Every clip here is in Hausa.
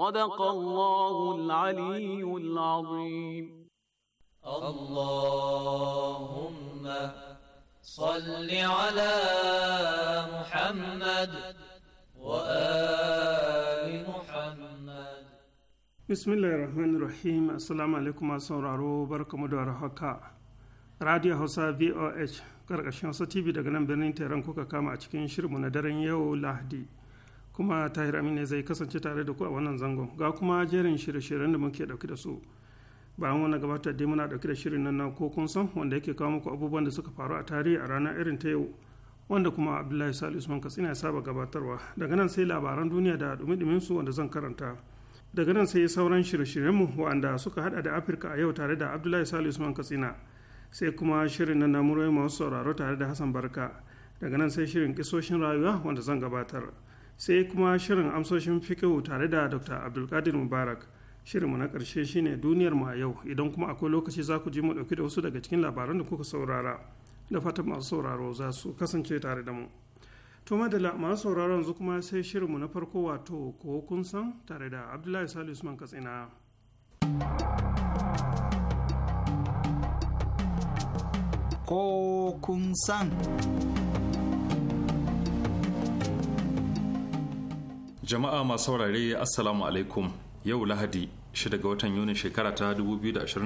صدق الله العلي العظيم اللهم صل على محمد وآل محمد بسم الله الرحمن الرحيم السلام عليكم sauraro barkamu da warhaka Radio Hausa VOH karkashin sa TV daga nan birnin Tehran kuka kama a cikin shirinmu na daren yau Lahadi kuma tahir amina zai kasance tare da ku a wannan zangon ga kuma jerin shirye-shiryen da muke dauke da su bayan wani gabatar dai muna dauke da shirin nan na ko kun san wanda yake kawo muku abubuwan da suka faru a tarihi a ranar irin ta yau wanda kuma abdullahi sali usman katsina ya saba gabatarwa daga nan sai labaran duniya da dumi su wanda zan karanta daga nan sai sauran shirye-shiryenmu wanda suka hada da afirka a yau tare da abdullahi sali usman katsina sai kuma shirin nan na murai masu sauraro tare da hassan barka daga nan sai shirin kisoshin rayuwa wanda zan gabatar sai kuma shirin amsoshin fikihu tare da dr abdulkadir mubarak shirinmu na ƙarshe shine duniyar mu a yau idan kuma akwai lokaci za ku ji mu ɗauki da wasu daga cikin labaran da kuka saurara da fatan masu sauraro za su kasance tare da mu to madala masu sauraro yanzu kuma sai shirin mu na farko wato ko kun san tare da abdullahi salisu usman katsina ko kun san jama'a masu saurare assalamu alaikum yau lahadi 6 ga watan yuni shekara ta 2021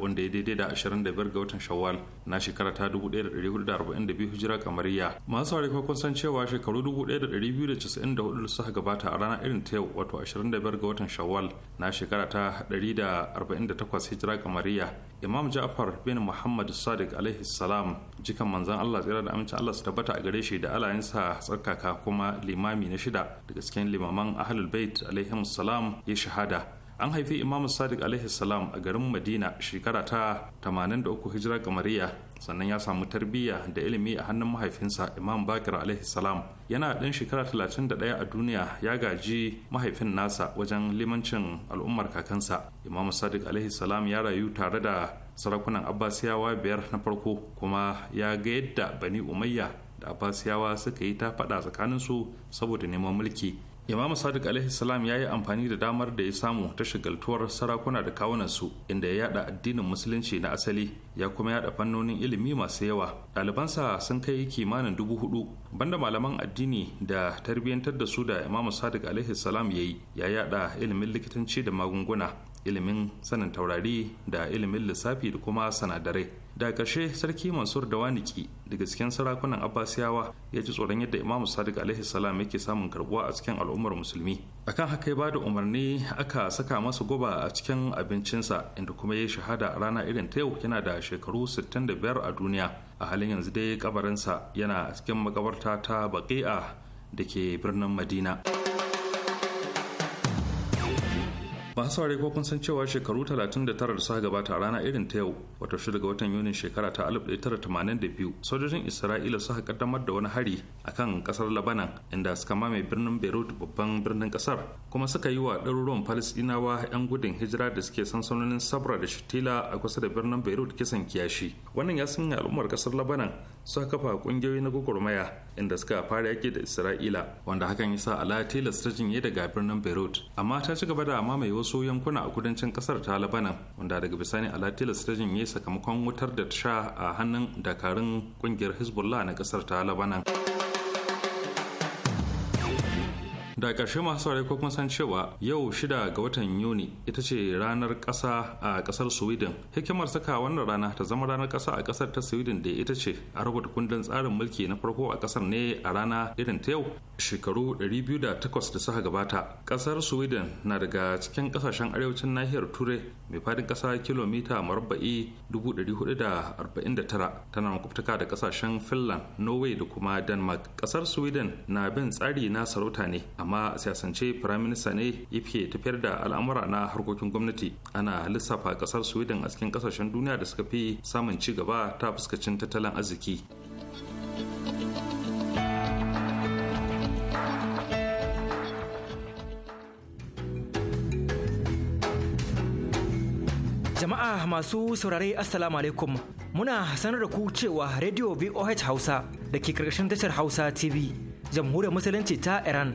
wanda ya daidai da 25 ga watan shawwal na shekara ta 1442 hijira kamariya masu harika kun san cewa shekaru 1294 da suka gabata a ranar irin ta yau wato 25 ga watan shawwal na shekara ta 148 hijira kamariya imam ja'far bin muhammad sadiq alaihi salam jikan manzan allah tsira da amincin allah su tabbata a gare shi da alayensa tsarkaka kuma limami na shida daga cikin limaman ahlul bait alaihi salam ya shahada an haifi imam sadiq alaihi salam a garin madina shekara ta 83 hijira gamariya sannan ya samu tarbiyya da ilimi a hannun mahaifinsa imam bakir alaihi salam yana ɗin shekara 31 a duniya ya gaji mahaifin nasa wajen limancin al'ummar kakansa imam sadiq alaihi salam ya rayu tare da sarakunan abbasiyawa biyar na farko kuma ya ga yadda bani umayya da abbasiyawa suka yi ta faɗa tsakaninsu saboda neman mulki imamu sadiq alaihi salam ya yi amfani da damar da ya samu ta shigaltuwar sarakuna da kawunansu inda ya yada addinin musulunci na asali ya kuma yada fannonin ilimi masu yawa ɗalibansa sun kai kimanin dubu hudu banda malaman addini da tarbiyyantar da su da imamu sadiq alaihi salam ya yi ya yada ilimin likitanci da magunguna ilimin sanin taurari da ilimin lissafi da kuma sanadarai da karshe sarki mansur da waniki daga cikin sarakunan abbasiyawa ya ji tsoron yadda imamu sadiq alaihi salam yake samun karbuwa a cikin al'ummar musulmi akan haka ya bada umarni aka saka masa guba a cikin abincinsa inda kuma ya shahada a rana irin ta yau yana da shekaru 65 a duniya a halin yanzu dai kabarinsa yana cikin makabarta ta baqi'a da ke birnin madina masu ko kun san cewa shekaru 39 da suka gabata rana irin ta yau wata shi daga watan yunin shekara ta 1982 sojojin isra'ila suka kaddamar da wani hari a kan kasar labanan inda suka mame birnin beirut babban birnin kasar kuma suka yi wa ɗaruruwan palestinawa 'yan gudun hijira da suke sansanonin sabra da shitila a kusa da birnin beirut kisan kiyashi wannan ya sanya al'ummar kasar labanan sun kafa kungiyoyi na gwagwarmaya inda suka fara yaki da isra'ila wanda hakan ya sa ala tilas ta jinye daga birnin beirut amma ta ci gaba da mamaye wasu yankuna a kudancin kasar ta labanan wanda daga bisani ala tilas ta jinye sakamakon wutar da ta sha a hannun dakarun kungiyar hezbollah na kasar ta labanan da ƙarshe masu saurari ko kuma san cewa yau shida ga watan yuni ita ce ranar ƙasa a ƙasar sweden hikimar saka wannan rana ta zama ranar ƙasa a ƙasar ta sweden da ita ce a rubuta kundin tsarin mulki na farko a ƙasar ne a rana irin ta yau shekaru 208 da suka gabata ƙasar sweden na daga cikin ƙasashen arewacin nahiyar turai mai fadin ƙasa kilomita marabba'i 449 tana makwabtaka da ƙasashen finland norway da kuma denmark ƙasar sweden na bin tsari na sarauta ne amma amma a siyasance firaminista ne yake tafiyar da al'amura na harkokin gwamnati ana lissafa kasar sweden a cikin kasashen duniya da suka fi samun ci gaba ta fuskacin tattalin arziki jama'a masu saurare assalamu alaikum muna sanar da ku cewa radio voh hausa da ke karkashin tashar hausa tv jamhuriyar musulunci ta iran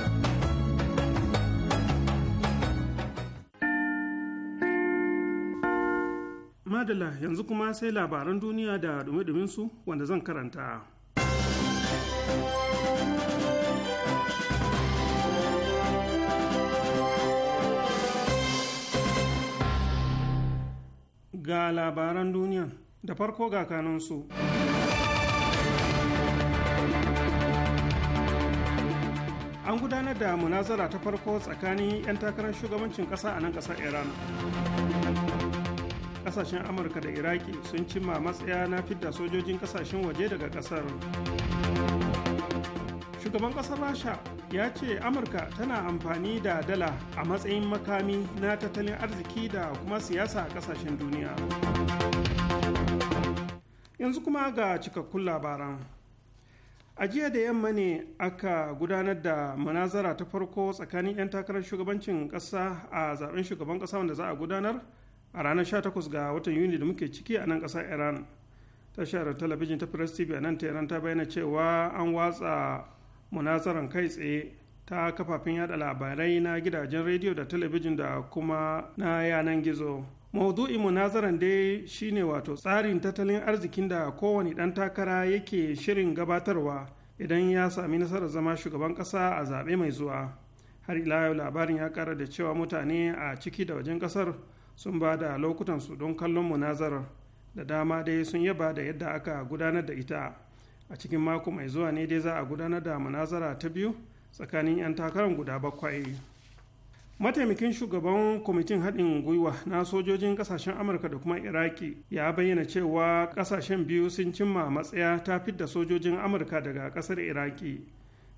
madala yanzu kuma sai labaran duniya da dumi su wanda zan karanta. Ga labaran duniya da farko ga kanansu. An gudanar da munazara ta farko tsakanin 'yan takarar shugabancin ƙasa a nan ƙasar Iran. kasashen amurka da iraki sun cimma matsaya na fidda sojojin kasashen waje daga kasar shugaban kasar rasha ya ce amurka tana amfani da dala a matsayin makami na tattalin arziki da kuma siyasa a kasashen duniya yanzu kuma ga cikakkun labaran a jiya da yamma ne aka gudanar da munazara ta farko tsakanin 'yan takarar shugabancin ƙasa a zaben shugaban ƙasar wanda za a gudanar a ranar 18 ga watan yuni da muke ciki a nan ƙasar iran tashar talabijin ta press tv a nan iran ta bayyana cewa an watsa munazaran kai tsaye ta kafafen yada labarai na gidajen rediyo da talabijin da kuma na yanan gizo maudu'in munazaran dai shine wato tsarin tattalin arzikin da kowane dan takara yake shirin gabatarwa idan ya sami nasarar zama shugaban ƙasa a zaɓe mai zuwa har ila yau labarin ya kara da cewa mutane a ciki da wajen ƙasar sun ba da lokutansu don kallon munazarar da dama dai sun yaba da yadda aka gudanar da ita a cikin mako mai zuwa ne dai za a gudanar da munazara ta biyu tsakanin 'yan takarar guda bakwai mataimakin shugaban kwamitin haɗin gwiwa na sojojin ƙasashen amurka da kuma iraki ya bayyana cewa ƙasashen biyu sun cimma matsaya ta fidda sojojin amurka daga ƙasar iraki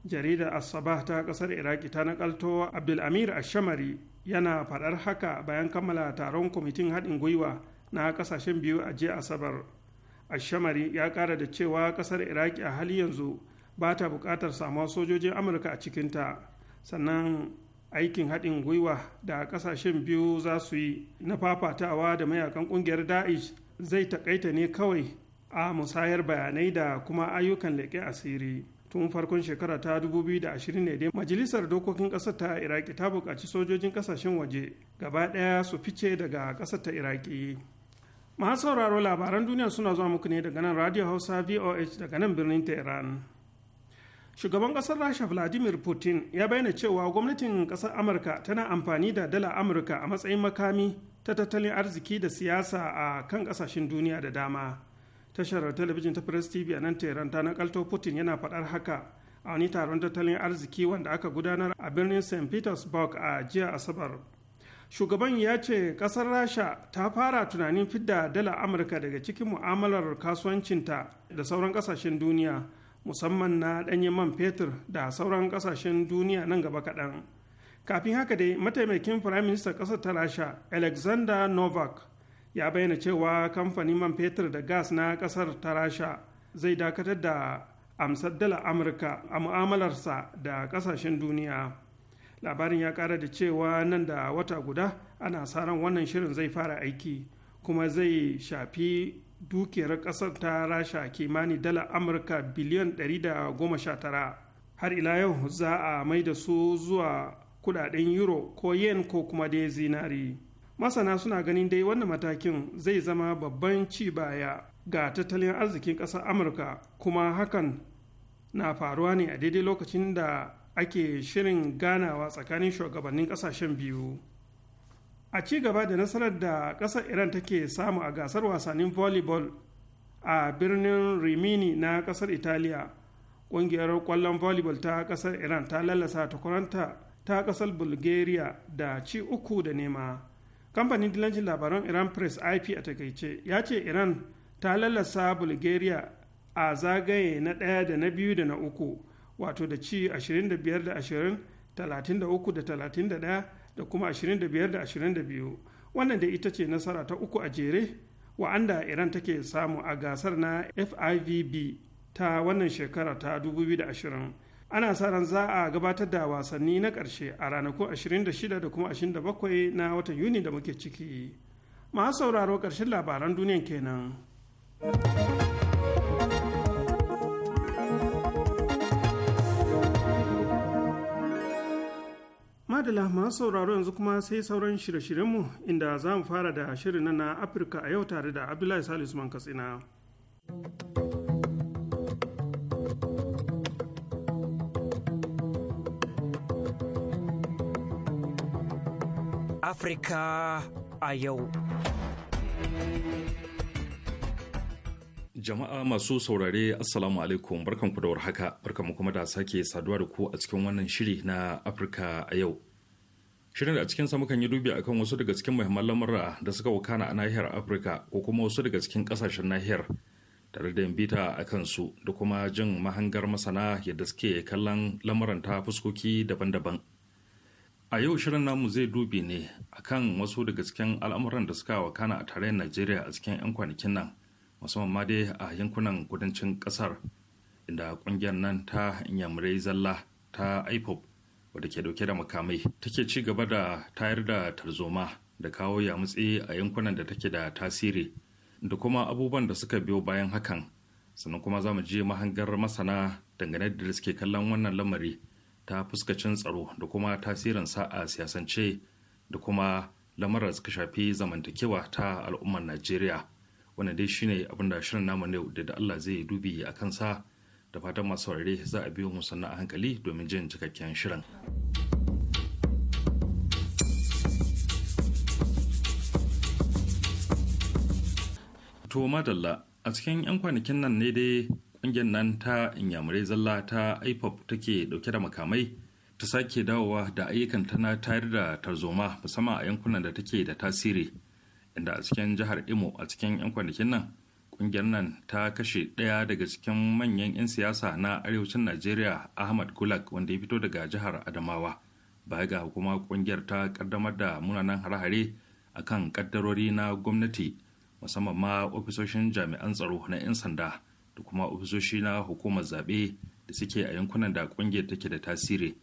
jaridar asaba ta ƙasar iraki ta naƙalto abdul amir ashamari yana faɗar haka bayan kammala taron kwamitin haɗin gwiwa na ƙasashen biyu a jiya asabar ashamari ya ƙara da cewa ƙasar iraki a hali yanzu ba ta buƙatar samuwar sojojin amurka a cikinta sannan aikin haɗin gwiwa da ƙasashen biyu za su yi na fafatawa da mayakan ƙungiyar da'ish zai taƙaita ne kawai a musayar bayanai da kuma ayyukan leƙe asiri tun farkon shekara ta 2020 ne dai majalisar dokokin ƙasar ta iraki ta buƙaci sojojin ƙasashen waje gaba ɗaya su fice daga ƙasar ta iraki masu sauraro labaran duniya suna zuwa muku ne daga nan radio hausa voh daga nan birnin tehran shugaban kasar rasha vladimir putin ya bayyana cewa gwamnatin kasar amurka tana amfani da dala amurka a matsayin makami ta tattalin arziki da siyasa a kan kasashen duniya da dama tashar talabijin ta press tv a nan tehran ta nakalto putin yana faɗar haka a wani taron tattalin arziki wanda aka gudanar a birnin st petersburg a jiya asabar shugaban ya ce kasar rasha ta fara tunanin fidda dala amurka daga cikin mu'amalar kasuwancinta da sauran kasashen duniya musamman na ɗanyen man fetur da sauran kasashen duniya nan gaba kaɗan kafin haka dai mataimakin firayim firaministan ƙasar ta rasha alexander novak ya bayyana cewa kamfanin man fetur da gas na kasar ta rasha zai dakatar da amsar dala amurka a mu'amalarsa da kasashen duniya labarin ya kara da cewa nan da wata guda ana saran wannan shirin zai fara aiki kuma zai shafi dukiyar kasar ta rasha kimani dala amurka biliyan 119 har ila yau za a mai da su zuwa kudaden euro ko yen ko kuma dai zinari masana suna ganin dai wannan matakin zai zama babban ci baya ga tattalin arzikin ƙasar amurka kuma hakan na faruwa ne a daidai lokacin da ake shirin ganawa tsakanin shugabannin ƙasashen biyu a ci gaba da nasarar da ƙasar iran take samu a gasar wasannin volleyball a birnin rimini na ƙasar italiya ƙungiyar ƙwallon volleyball ta ƙasar iran ta lalasa takwaranta ta ƙasar bulgaria da ci uku da nema kamfanin dilancin labaran iran press ip a takaice ya ce iran ta lallasa bulgaria a zagaye na 1 da na biyu da na uku wato da ci 25 da 20 33 da 31 da kuma 25 da 22 wannan da ita ce nasara ta uku a jere wa'anda iran take samu a gasar na fivb ta wannan shekara ta 2020 ana sa ran za a gabatar da wasanni na ƙarshe a ranaku 26 da kuma 27 na watan yuni da muke ciki ma sauraro ƙarshen labaran duniyan kenan madala ma sauraro yanzu kuma sai sauran shirye-shiryenmu inda za mu fara da shirin na afirka a yau tare da abdullahi salisu man katsina. Afirka a yau. Jama'a masu saurare Assalamu alaikum barkanku da warhaka barkanku kuma da sake saduwa da ku a cikin wannan shiri na Afirka a yau. Shirin da a cikin mukan yi dubi akan wasu daga cikin muhimman lamura da suka wakana a nahiyar Afirka ko kuma wasu daga cikin kasashen nahiyar tare da bita a kansu da kuma jin mahangar masana yadda suke kallon lamuran ta fuskoki daban-daban. a yau shirin namu zai dubi ne akan wasu daga cikin al'amuran da suka wakana a tarayyar najeriya a cikin 'yan kwanakin nan musamman ma dai a yankunan kudancin kasar inda kungiyar nan ta yamurai zalla ta ipop wadda ke dauke da makamai take ci gaba da tayar da tarzoma da kawo yamutse a yankunan da take da tasiri da kuma abubuwan da suka biyo bayan hakan sannan kuma za mu je mahangar masana dangane da suke kallon wannan lamari ta fuskacin tsaro da kuma tasirin sa a siyasance da kuma lamarar suka shafi zamantakewa ta al'ummar najeriya wanda dai shine abin da shirin namu yau da da allah zai dubi a kansa da fatan masu saurare za a biyo musu sannan a hankali domin jin cikakken shirin. To madalla a cikin 'yan kwanakin nan ne dai ƙungiyar nan ta inyamurai zalla ta ipop take dauke da makamai ta sake dawowa da ayyukan tana tayar da tarzoma musamman a yankunan da take da tasiri inda a cikin jihar imo a cikin 'yan kwanakin nan ƙungiyar nan ta kashe ɗaya daga cikin manyan 'yan siyasa na arewacin najeriya ahmad gulag wanda ya fito daga jihar adamawa baya ga kuma ƙungiyar ta ƙaddamar da munanan hare-hare kan ƙaddarori na gwamnati musamman ma ofisoshin jami'an tsaro na 'yan sanda da kuma ofisoshi na hukumar zaɓe da suke a yankunan da ƙungiyar take da tasiri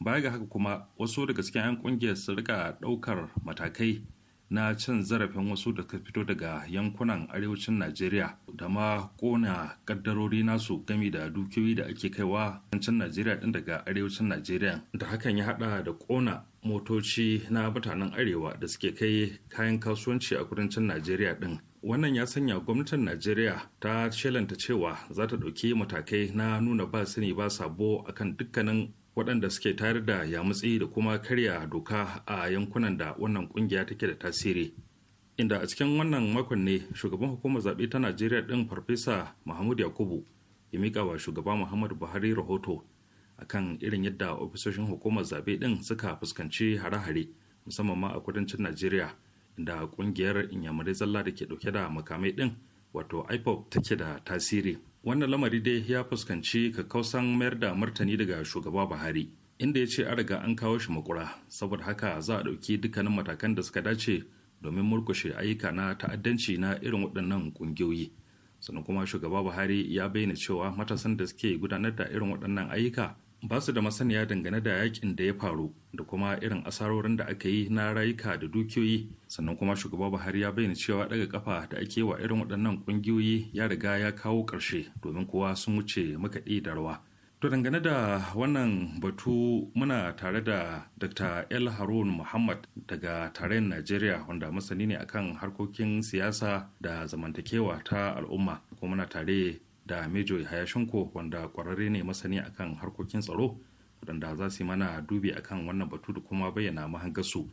baya ga haka kuma wasu daga cikin 'yan ƙungiyar su rika ɗaukar matakai na cin zarafin wasu da suka fito daga yankunan arewacin najeriya da ma kona kaddarori nasu gami da dukiyoyi da ake kaiwa yancin najeriya ɗin daga arewacin najeriya da hakan ya haɗa da ƙona motoci na mutanen arewa da suke kai kayan kasuwanci a kudancin najeriya ɗin. wannan ya sanya gwamnatin najeriya ta shelanta cewa za ta ɗauki matakai na nuna ba sani ba sabo akan dukkanin waɗanda suke tayar da yamutsi da kuma karya doka a yankunan da wannan ƙungiya take da tasiri inda a cikin wannan makon ne shugaban hukumar zaɓe ta najeriya ɗin farfesa mahmud yakubu ya miƙa wa shugaba muhammadu buhari rahoto akan irin yadda ofisoshin hukumar zaɓe ɗin suka fuskanci hare-hare musamman ma a kudancin najeriya da kungiyar inyamurai zalla da ke dauke da makamai din wato ipop take da tasiri wannan lamari dai ya fuskanci kakausan mayar da martani daga shugaba buhari inda ya ce a riga an kawo shi makura saboda haka za a ɗauki dukkanin matakan da suka dace domin murkushe ayyuka na ta'addanci na irin waɗannan ƙungiyoyi sannan kuma shugaba buhari ya bayyana cewa matasan da suke gudanar da irin waɗannan ayyuka ba su da masaniya dangane da yakin da ya faru da kuma irin asarorin da aka yi na rayuka da dukiyoyi sannan kuma shugaba buhari ya bayyana cewa daga kafa da ake wa irin waɗannan ƙungiyoyi ya riga ya kawo ƙarshe domin kowa sun wuce makaɗi da rawa to dangane da wannan batu muna tare da dr el harun muhammad daga tarayyar najeriya wanda masani ne akan harkokin siyasa da zamantakewa ta al'umma kuma muna tare da mejo hayashinko wanda kwararre ne masani akan harkokin tsaro waɗanda za su yi mana dubi akan wannan batu da kuma bayyana mahangarsu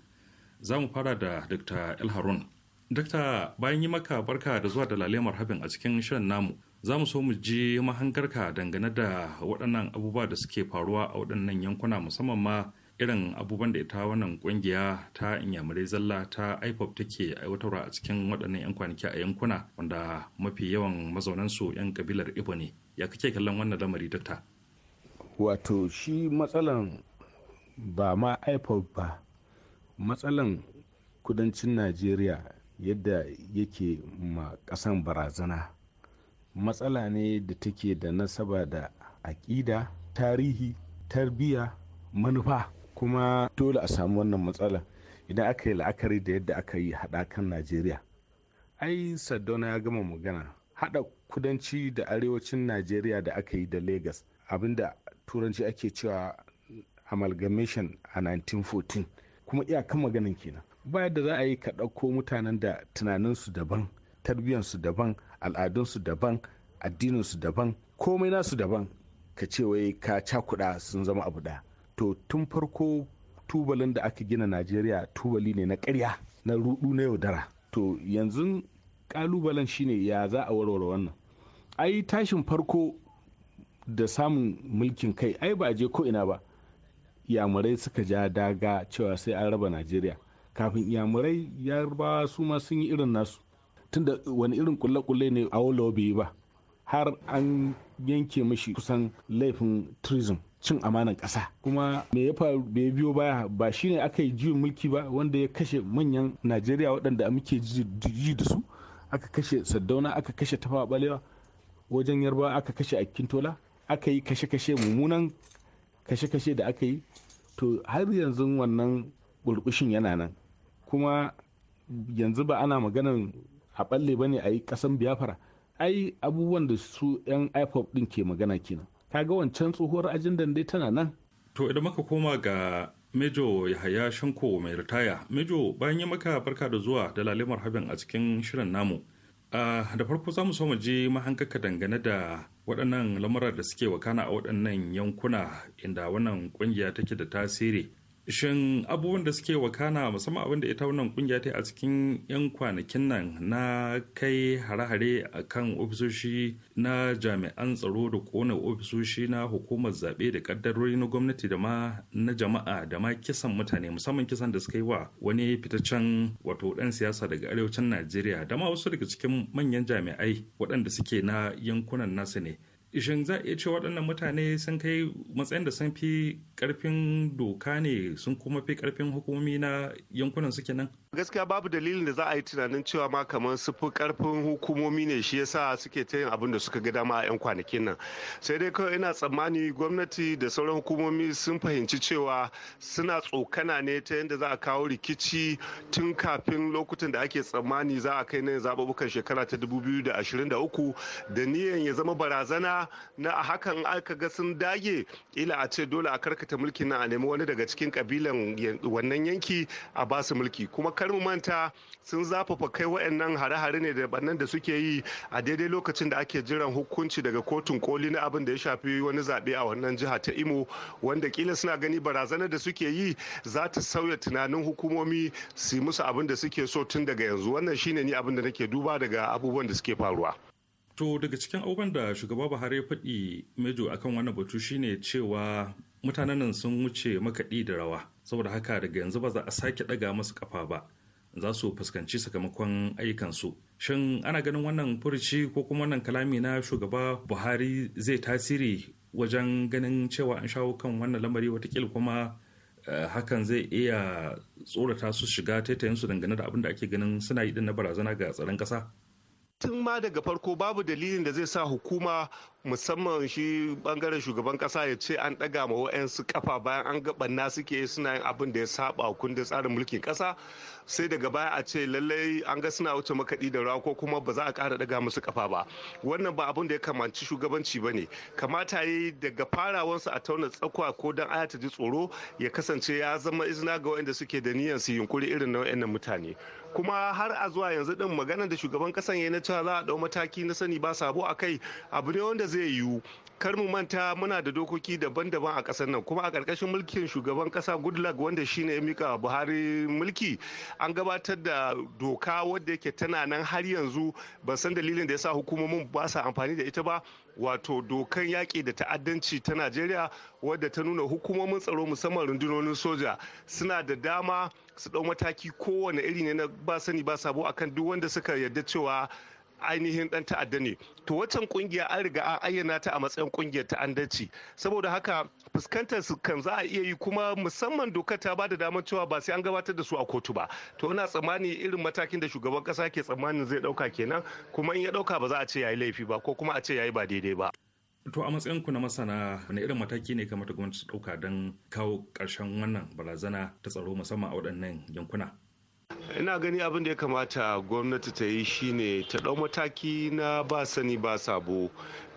za mu fara da dr elharun Dr. bayan yi maka barka da zuwa da lalemar habin a cikin shirin namu za mu so mu ji mahangarka dangane da waɗannan abubuwa da suke faruwa a waɗannan yankuna musamman ma irin abubuwan da ita wannan kungiya ta inyamurai zalla ta ipop take aiwatarwa a cikin waɗannan 'yan kwanaki a yankuna wanda mafi yawan mazaunansu 'yan kabilar ibo ne ya kake kallon wannan lamari ta wato shi matsalan ba ma ipop ba matsalan kudancin najeriya yadda yake ma ƙasan barazana matsala ne da take da nasaba da aƙida tarihi tarbiyya manufa kuma dole a samu wannan matsala idan aka yi la'akari da yadda aka yi haɗakan najeriya ai sadona ya gama magana haɗa kudanci da arewacin najeriya da aka yi da lagos abinda turanci ake cewa amalgamation a 1914 kuma iyakan maganin kenan ba da za a yi ka ɗauko mutanen da tunaninsu daban tarbiyyarsu daban al'adunsu daban addininsu daban komai nasu daban ka ce wai ka cakuɗa sun zama abu ɗaya to tun farko tubalin da aka gina najeriya tubali ne na karya na rudu na yaudara to yanzu kalubalen shine ya za a warware wannan ai tashin farko da samun mulkin kai ai ba a je ko'ina ba yamurai suka ja daga cewa sai an raba najeriya kafin yamurai yarbawa su ma sun yi irin nasu tunda wani irin kulle-kulle ne a bai ba har an yanke mashi kusan laifin turism cin amanan ƙasa kuma me ya faru da ya biyo baya ba shine aka yi juyin mulki ba wanda ya kashe manyan najeriya waɗanda muke ji da su aka kashe saddauna aka kashe tafawa balewa wajen yarba aka kashe akintola aka yi kashe-kashe mummunan kashe-kashe da aka yi to har yanzu wannan burbushin yana nan kuma yanzu ba ana maganan a balle ba ne a yi ƙasan biyafara ai abubuwan da su 'yan ipob din ke magana kenan ta ga wancan tsohuwar ajin dai tana nan to idan muka koma ga mejo yahaya shanko mai ritaya mejo bayan yi maka barka da zuwa da lalimar habin a cikin shirin namu da farko za mu so mu je mahankaka dangane da waɗannan lamura da suke wakana a waɗannan yankuna inda wannan ƙungiya take da tasiri shin abubuwan da suke wakana musamman abin da ita wannan kungiya ta a cikin 'yan kwanakin nan na kai hare-hare a kan ofisoshi na jami'an tsaro da kone ofisoshi na hukumar zaɓe da ƙaddarori na gwamnati da ma na jama'a da ma kisan mutane musamman kisan da suka yi wa wani fitaccen wato ɗan siyasa daga arewacin najeriya da ma wasu daga cikin manyan jami'ai waɗanda suke na yankunan nasu ne shin za a iya ce waɗannan mutane sun kai matsayin da sun fi ƙarfin doka ne sun kuma fi ƙarfin hukumomi na yankunan suke nan gaskiya babu dalilin da za a yi tunanin cewa ma kamar su fi karfin hukumomi ne shi yasa suke ta yin abin da suka ga dama a 'yan kwanakin nan sai dai kawai ina tsammani gwamnati da sauran hukumomi sun fahimci cewa suna tsokana ne ta yadda za a kawo rikici tun kafin lokutan da ake tsammani za a kai na zababukan shekara ta 2023 da niyan ya zama barazana na a hakan aka ga sun dage ila a ce dole a karkata mulkin nan a nemi wani daga cikin kabilan wannan yanki a basu mulki kuma kar mu manta sun zafafa kai waɗannan hare-hare ne da bannan da suke yi a daidai lokacin da ake jiran hukunci daga kotun koli na abin da ya shafi wani zaɓe a wannan jiha ta imo wanda kila suna gani barazanar da suke yi za ta sauya tunanin hukumomi su musu abin da suke so tun daga yanzu wannan shine ni abin da nake duba daga abubuwan da suke faruwa to daga cikin abubuwan da shugaba buhari ya faɗi mejo akan wannan batu shine cewa mutanen nan sun wuce makaɗi da rawa saboda haka daga yanzu ba za a sake ɗaga masu ƙafa ba za su fuskanci sakamakon aikansu. shin ana ganin wannan furuci ko kuma wannan kalami na shugaba buhari zai tasiri wajen ganin cewa an shawo kan wannan lamari watakila kuma eh, hakan zai iya tsorata su shiga taitayinsu dangane da abin da ake ganin suna yi din na barazana ga tsaron ƙasa tun ma daga farko babu dalilin da zai sa hukuma musamman shi bangaren shugaban kasa ya ce an daga ma wa'yansu kafa bayan an gabanna suke suna yin abin da ya saba kundin tsarin mulkin kasa sai daga baya a ce lallai an ga suna wuce makaɗi da rawa ko kuma ba za a ƙara ɗaga musu kafa ba wannan ba abin da ya kamanci shugabanci ba ne kamata ya yi daga farawansu a tauna tsakwa ko dan aya ta ji tsoro ya kasance ya zama izina ga wa'yanda suke da niyyar su yunkuri irin na wa'yannan mutane kuma har a zuwa yanzu din maganar da shugaban kasan ya na cewa za a ɗau mataki na sani ba sabo a kai abu ne wanda zai yiwu kar mu manta muna da dokoki daban-daban a ƙasar nan kuma a ƙarƙashin mulkin shugaban ƙasa goodluck wanda shine ya mika buhari mulki an gabatar da doka wadda yake tana nan har yanzu ban san dalilin da yasa hukumomin ba sa amfani da ita ba wato dokan yaƙi da ta'addanci ta najeriya wadda ta nuna hukumomin tsaro musamman rundunonin soja suna da dama su ɗau mataki kowane iri ne na ba sani ba sabo akan duk wanda suka yarda cewa ainihin dan ta'adda ne to waccan kungiya an riga an ayyana ta a matsayin kungiyar ta'addanci saboda haka fuskantar su kan za a iya yi kuma musamman dokar ta bada damar cewa ba sai an gabatar da su a kotu ba to ina tsammani irin matakin da shugaban kasa ke tsammanin zai dauka kenan kuma in ya dauka ba za a ce yayi laifi ba ko kuma a ce yayi ba daidai ba To a matsayin ku na masana wani irin mataki ne kamata gwamnati ta dauka don kawo karshen wannan barazana ta tsaro musamman a waɗannan yankuna? ina gani abin da ya kamata gwamnati ta yi shine ta ɗau mataki na ba sani ba sabo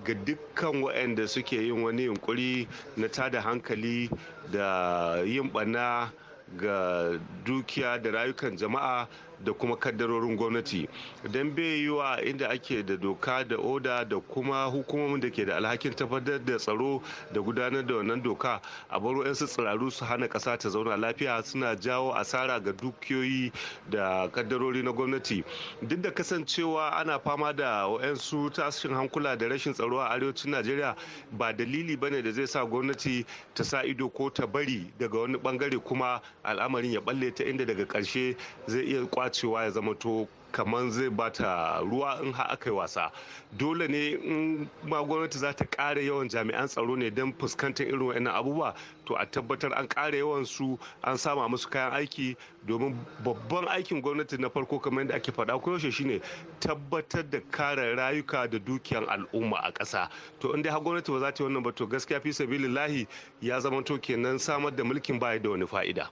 ga dukkan waɗanda suke yin wani yunkuri na tada hankali da yin ɓana ga dukiya da rayukan jama'a da kuma kaddarorin gwamnati don bai yiwa inda ake da doka da oda da kuma hukumomin da ke da alhakin tabbatar da tsaro da gudanar da wannan doka a baro 'yan tsiraru su hana kasa ta zauna lafiya suna jawo asara ga dukiyoyi da kaddarori na gwamnati duk da kasancewa ana fama da wa'yansu tashin hankula da rashin tsaro a arewacin najeriya ba dalili ba ne da zai sa gwamnati ta sa ido ko ta bari daga wani bangare kuma al'amarin ya balle ta inda daga karshe zai iya kwacewa ya zama to kamar zai bata ruwa in ha aka yi wasa dole ne in ma gwamnati za ta kare yawan jami'an tsaro ne don fuskantar irin wa'annan abubuwa to a tabbatar an kare yawan su an sama musu kayan aiki domin babban aikin gwamnati na farko kamar yadda ake faɗa koyaushe shine tabbatar da kare rayuka da dukiyar al'umma a ƙasa to in dai har gwamnati ba za ta yi wannan ba to gaskiya fi sabilillahi ya zama to kenan samar da mulkin baya da wani fa'ida.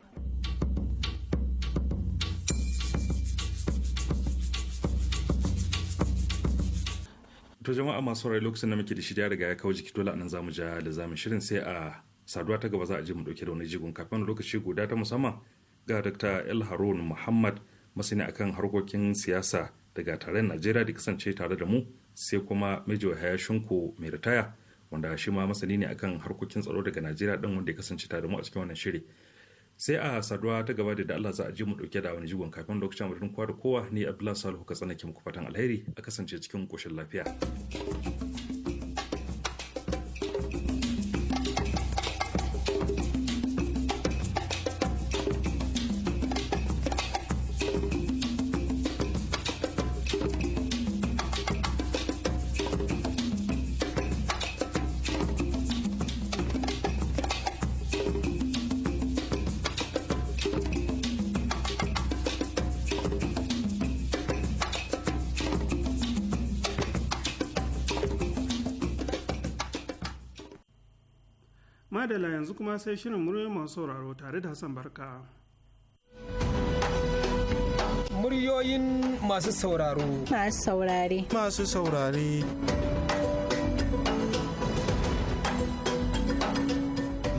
to jama'a masu rai lokacin da muke da shirya daga ya kawo jiki dole nan zamu ja da zamu shirin sai a saduwa ta gaba za a je mu dauke da wani jigon kafin lokaci guda ta musamman ga Dr. El Harun Muhammad masani akan harkokin siyasa daga tarayyar Najeriya da kasance tare da mu sai kuma Mejo Hayashinku mai ritaya wanda shi ma masani ne akan harkokin tsaro daga Najeriya din wanda ya kasance tare da mu a cikin wannan shiri. sai a saduwa ta gaba da Allah za a ji mu dauke da wani jigon kafin lokacin mutum kowa da kowa ne Abdullahi Salihu ka tsanake muku fatan alheri a kasance cikin koshin lafiya. yanzu kuma sai shirin muryoyin masu sauraro tare da Hassan Barka. Muryoyin masu sauraro. Masu saurare. Masu saurare.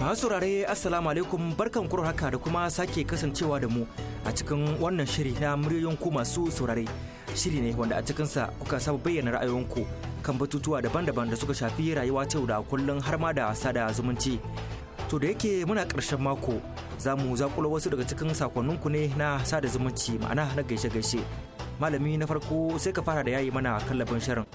masu saurare assalamu alaikum barkan kuro haka da kuma sake kasancewa da mu a cikin wannan shiri na muryoyin ku masu saurare shiri ne wanda a cikinsa kuka saba bayyana ra'ayoyinku kan batutuwa daban-daban da suka shafi rayuwa ta yau da kullum har ma da sada zumunci To da yake muna ƙarshen mako za mu zakulo wasu daga cikin sakonninku ne na sada zumunci ma'ana na gaishe-gaishe. Malami na farko sai ka fara da yayi mana kallabin shirin.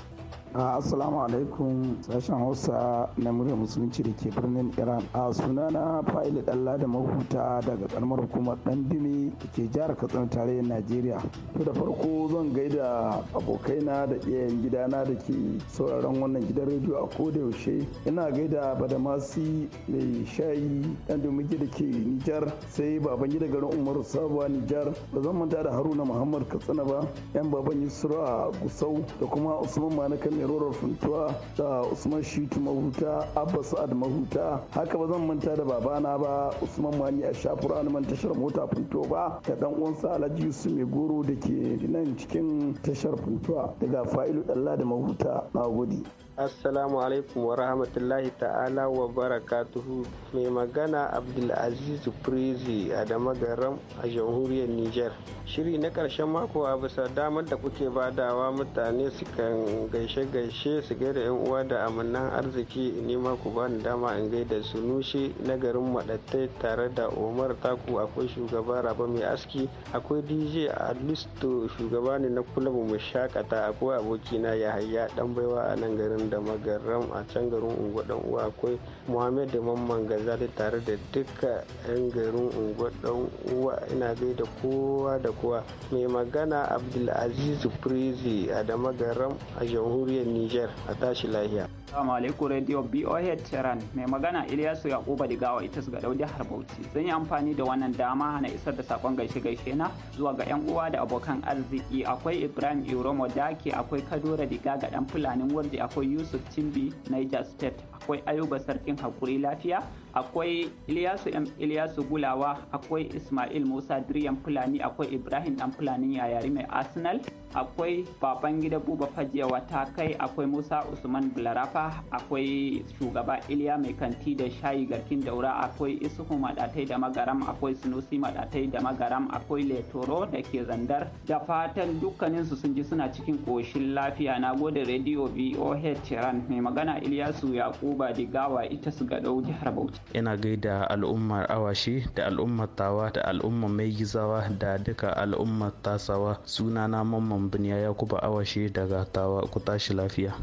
a ah, Assalamu alaikum sashen Hausa na murya musulunci da ke birnin Iran. A ah, sunana Fa'ilu Dalla da mahuta daga karamar hukumar bimi da ke jihar Katsina tarayyar Najeriya. To da farko zan gaida abokaina da iyayen gidana da ke sauraron wannan gidan rediyo a koda yaushe. Ina gaida Badamasi mai shayi dan dumiki da ke Nijar sai baban gida garin Umar, Sabuwa Nijar ba zan manta da Haruna Muhammad Katsina ba yan baban Yusra Gusau da kuma Usman Manakan yarorar funtuwa da usman shitu mahuta abba sa'ad mahuta haka ba zan manta da babana ba usman mani a shafura na man tashar mota funtuwa ba da dan uwansa alhaji yusuf mai goro da ke nan cikin tashar funtuwa daga fa'ilu dalla da mahuta na gode Assalamu alaikum wa rahmatullahi ta'ala wa barakatuhu mai magana Abdulaziz Prezi a damagaram a jamhuriyar Nijar. Shiri na ƙarshen mako a bisa damar da kuke badawa mutane sukan gaishe-gaishe su gaida 'yan uwa da amannan arziki ne ku ni dama in gaida su nushe na garin maɗattai tare da umar Taku akwai shugaba Raba mai aski akwai DJ Alisto shugaba ne na kulabu mu shakata akwai abokina Yahaya dan baiwa a nan garin da magaram a can garin unguwa dan uwa akwai muhammed mamman gazali tare da duka 'yan garin unguwar dan uwa ina gaida kowa da kowa mai magana abdulaziz prezi a garam a jamhuriyar niger a tashi lahiya Assalamu alaikum Radio BOH Tehran mai magana iliyasu Ilyasu da Digawa ita su ga Daudi Harbauti Zan yi amfani da wannan dama na isar da sakon gaishe gaishe na zuwa ga yan uwa da abokan arziki akwai Ibrahim Iromo Dake akwai kadura Diga ga dan Fulanin Wardi akwai Yusuf Cimbi Niger State akwai ayuba sarkin haƙuri lafiya akwai Ilyasu M Ilyasu Gulawa akwai Ismail Musa Driyan Fulani akwai Ibrahim Dan Fulani yari mai Arsenal akwai baban gida Buba Fajiya ta kai akwai Musa Usman Bularafa akwai shugaba Iliya mai kanti da shayi garkin daura akwai Isuhu Madatai da Magaram akwai Sunusi Madatai da Magaram akwai Letoro da ke zandar da fatan dukkanin sun ji suna cikin koshin lafiya na gode rediyo VOH Tehran mai magana Ilyasu Yakuba Digawa ita su gadau jihar Bauchi. ina gaida al'ummar awashi da al'ummar tawa da al'ummar mai gizawa da duka al'ummar tasawa sunana mamman biniya yakuba awashi daga tawa ku tashi lafiya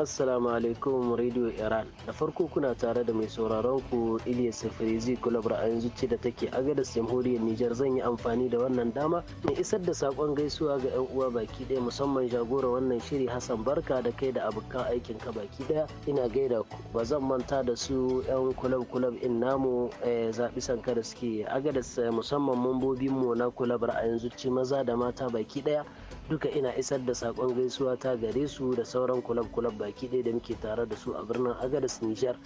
Assalamu alaikum Radio Iran. Da farko kuna tare da mai sauraron ku Ilyas Kulabra a ra'ayin zuci da take agadas jamhuriyar Nijar zan yi amfani da wannan dama mai isar da sakon gaisuwa ga yan uwa baki ɗaya musamman jagora wannan shiri Hassan Barka da kai da abokan aikin ka baki ɗaya ina gaida ku ba zan manta da su yan kulab kulab in namu eh, zaɓi sanka da suke agadas eh, musamman mambobin mu na a ra'ayin zuci maza da mata baki ɗaya duka ina isar da sakon gaisuwa ta gare su da sauran kulab kulab baki ɗaya da muke tare da su a birnin agadas nijar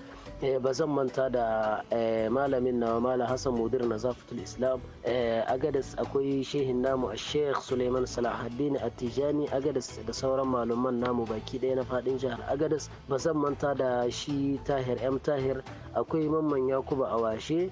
eh, ba zan manta da eh, malamin na mala hassan mudir na zafatul islam eh, agadas akwai shehin namu a sheikh suleiman salahaddin a tijani agadas da sauran malaman namu baki ɗaya na fadin jihar agadas ba zan manta da shi tahir m tahir akwai mamman yakuba washe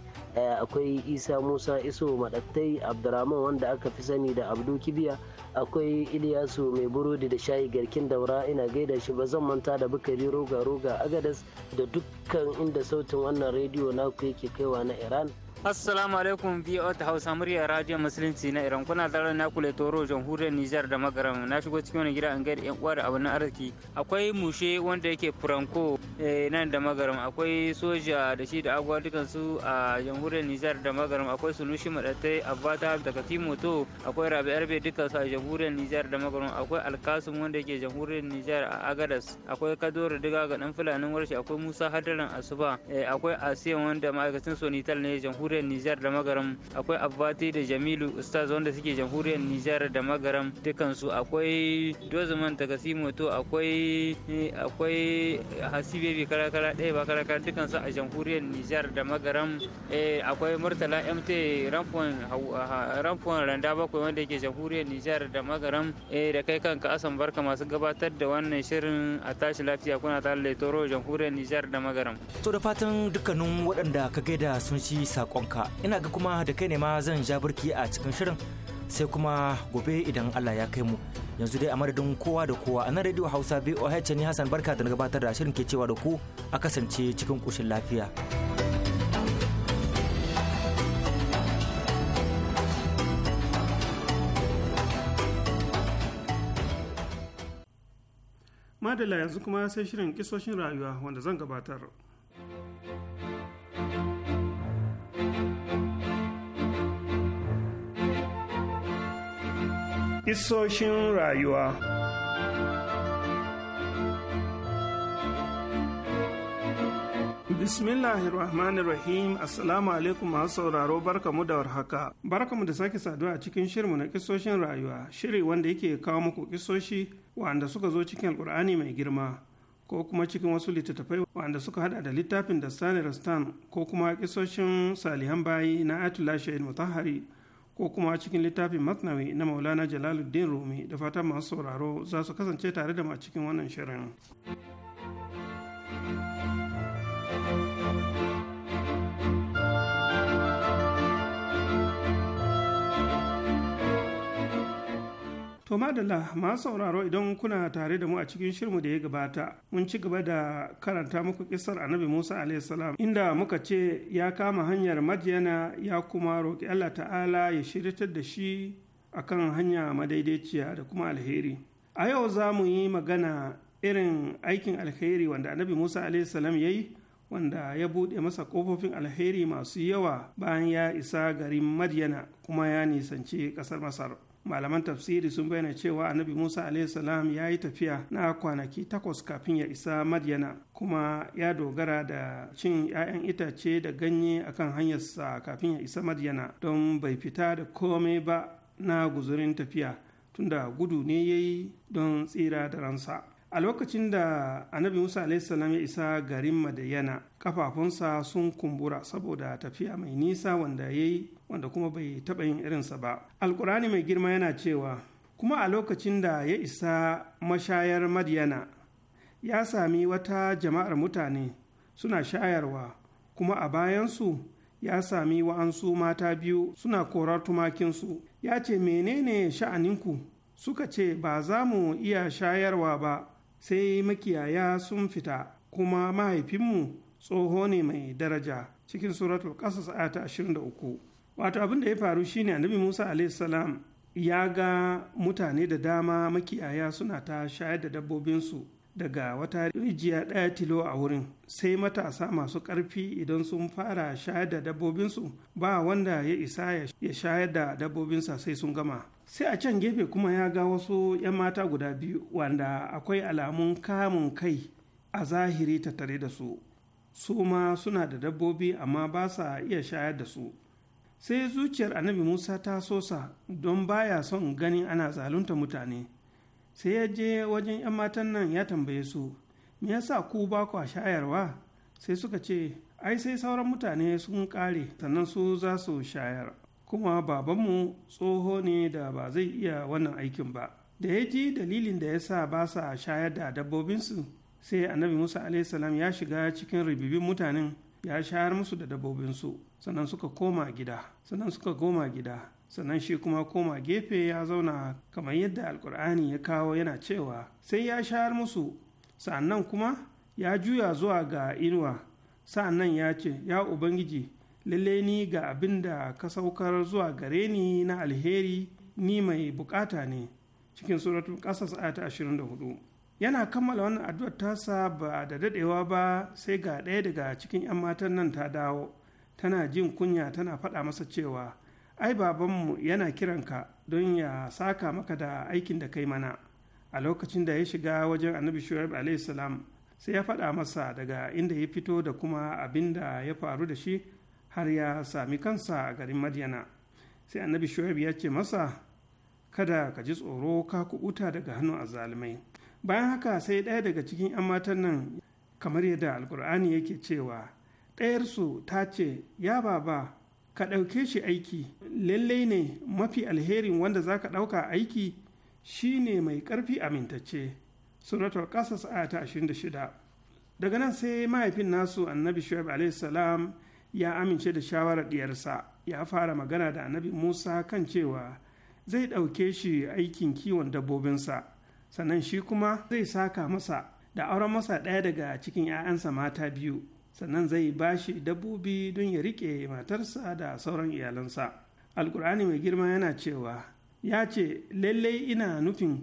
akwai isa musa iso madattai abdurrahman wanda aka fi sani da abdu kibiya akwai iliyasu mai burodi da shayi garkin daura ina gaida shi ba zan manta da bukari roga roga agadas da dukkan inda sautin wannan rediyo naku yake kaiwa na iran Assalamu alaikum biyo ta Hausa murya Radio Musulunci na Iran kuna tare na kule toro jamhuriyar Nijar da Magaram na shigo cikin wani gida an gaida yan uwa da abin arziki akwai mushe wanda yake Franco eh, nan da Magaram akwai soja da shi da agwa dukan su a jamhuriyar Nijar da Magaram akwai Sunushi Madatai abata da timoto akwai Rabi Arbe dukan su a jamhuriyar Nijar da Magaram akwai Alkasum wanda yake jamhuriyar Nijar a Agadas akwai kadore Diga ga dan Fulanin Warshi akwai Musa Hadaran Asuba eh, akwai Asiya wanda ma'aikacin Sonital ne jamhuriyar jamhuriyar Nijar da Magaram akwai Abbati da Jamilu Ustaz wanda suke jamhuriyar Nijar da Magaram dukansu akwai Dozuman Takasimo to akwai akwai Hasibe karakara ɗaya ba karakara dukansu a jamhuriyar Nijar da Magaram eh, akwai Murtala MT Ramfon Randa bakwai wanda yake jamhuriyar Nijar da Magaram eh, da kai kanka asan barka masu gabatar da wannan shirin a tashi lafiya kuna tare da Toro jamhuriyar Nijar da Magaram. To da fatan dukkanin waɗanda ka gaida sun ci saƙon sakonka ina ga kuma da kai ne ma zan ja birki a cikin shirin sai kuma gobe idan Allah ya kai mu yanzu dai a madadin kowa da kowa a nan radio hausa voh ne hassan barka da na gabatar da shirin ke cewa da ku a kasance cikin kushin lafiya. madala yanzu kuma sai shirin kisoshin rayuwa wanda zan gabatar. Isoshin rayuwa. Bismillahirrahmanirrahim Assalamu alaikum masu sauraro barkamu da warhaka. Barkamu da sake saduwa a cikin shirmu na kisoshin rayuwa, shiri wanda yake kawo muku kisoshi wanda suka zo cikin alkur'ani mai girma. ko kuma cikin wasu littattafai wanda suka hada da littafin da stanley rastan ko kuma kisoshin salihan bayi na atula shahid mutahari ko kuma cikin littafin masnawi na maulana jalaluddin rumi da fatan masu sauraro za su kasance tare da ma cikin wannan shirin. To madalla masu sauraro idan kuna tare da mu a cikin shirmu da ya gabata mun ci gaba da karanta muku kisar annabi Musa salam inda muka ce ya kama hanyar Madiyana ya kuma roƙi Allah ta'ala ya shiritar da shi akan hanya madaidaiciya da kuma alheri. A yau za mu yi magana irin aikin alheri wanda annabi Musa salam ya yi wanda ya buɗe masa ƙofofin alheri masu yawa bayan ya isa garin Madiyana kuma ya nisance ƙasar Masar. malaman tafsiri sun bayyana cewa annabi musa salam ya yi tafiya na kwanaki takwas kafin ya isa madyana kuma ya dogara da cin 'ya'yan itace da ganye akan hanyarsa kafin ya isa madyana don bai fita da komai ba na guzurin tafiya tunda gudu ne ya yi don tsira da ransa a lokacin da annabi musa salam ya isa garin madayana kafafunsa sun kumbura saboda tafiya mai nisa wanda ya yi wanda kuma bai taɓa yin irinsa ba alkurani mai girma yana cewa kuma a lokacin da ya isa mashayar madiyana ya sami wata jama'ar mutane suna shayarwa kuma a bayansu ya sami wa'ansu mata biyu suna korar tumakinsu ya ce menene sha'aninku suka ce ba za mu iya shayarwa ba sai makiyaya sun fita kuma mahaifinmu tsoho ne mai daraja cikin suratul kasas aya ta uku. wato abin da ya faru shine annabi Musa alaihi ya ga mutane da dama makiyaya suna ta shayar da dabbobinsu daga wata rijiya ɗaya tilo a wurin sai matasa masu ƙarfi idan sun fara shayar da dabbobinsu ba wanda ya isa ya shayar da dabbobinsa sai sun gama sai a can gefe kuma ya ga wasu 'yan mata guda biyu wanda akwai alamun kamun kai a zahiri tattare da su su ma suna da dabbobi amma ba sa iya shayar da su sai zuciyar annabi musa ta sosa don baya son ganin ana zalunta mutane sai ya je wajen 'yan matan nan ya tambaye su me yasa ku ba ku a shayarwa sai suka ce ai sai sauran mutane sun kare sannan su za su shayar kuma babanmu tsoho ne da ba zai iya wannan aikin ba da ya ji dalilin da ya sa ba sa shayar da dabbobinsu sai annabi musa salam ya shiga cikin ribibin mutanen ya shayar musu da dabbobinsu sannan suka koma gida sannan suka koma gida sannan shi kuma koma gefe ya zauna kamar yadda alkur'ani ya kawo yana cewa sai ya shayar musu sannan kuma ya juya zuwa ga inuwa sannan ya ce ya ubangiji lalle ni ga abin da ka saukar zuwa gare ni na alheri ni mai bukata ne cikin ta ashirin ayat 24 yana kammala wannan addu'ar tasa ba da dadewa ba sai ga ɗaya daga cikin 'yan matan nan ta dawo tana jin kunya tana faɗa masa cewa ai babanmu yana kiranka don ya saka maka da aikin da kai mana a lokacin da ya shiga wajen annabi shu'aib salam sai ya faɗa masa daga inda ya fito da kuma abin da ya faru da shi har ya sami kansa a garin madiyana sai annabi shu'aib ya ce masa kada ka ji tsoro ka kubuta daga hannun azzalumai bayan haka sai ɗaya daga cikin 'yan matan nan kamar yadda alkur'ani yake cewa ɗayarsu ta ce ya baba ka ɗauke shi aiki lallai ne mafi alherin wanda za ka ɗauka aiki shi ne mai ƙarfi amintacce suratul ƙasas aya ta 26 daga nan sai mahaifin nasu annabi shu'aib salam ya amince da shawarar diyarsa ya fara magana da annabi musa kan cewa zai ɗauke shi aikin kiwon dabbobinsa sannan shi kuma zai saka masa da auren masa ɗaya daga cikin 'ya'yansa mata biyu sannan zai ba shi dabbobi don ya rike matarsa da sauran iyalansa alkur'ani mai girma yana cewa ya ce lallai ina nufin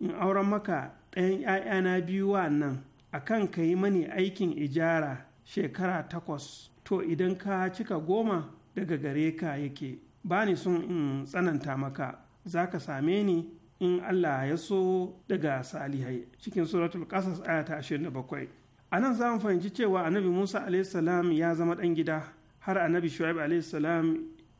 in auren maka ɗayan ‘ya'yana biyu wa nan a kan ka yi mani aikin ijara shekara takwas to idan ka cika goma daga gare ka yake ba ni son in tsananta maka za ka same ni in Allah ya so daga salihai cikin suratul ƙasas ayata ta 27 anan nan za mu fahimci cewa annabi musa alaihissalam ya zama ɗan gida har annabi shu'aib alaihissalam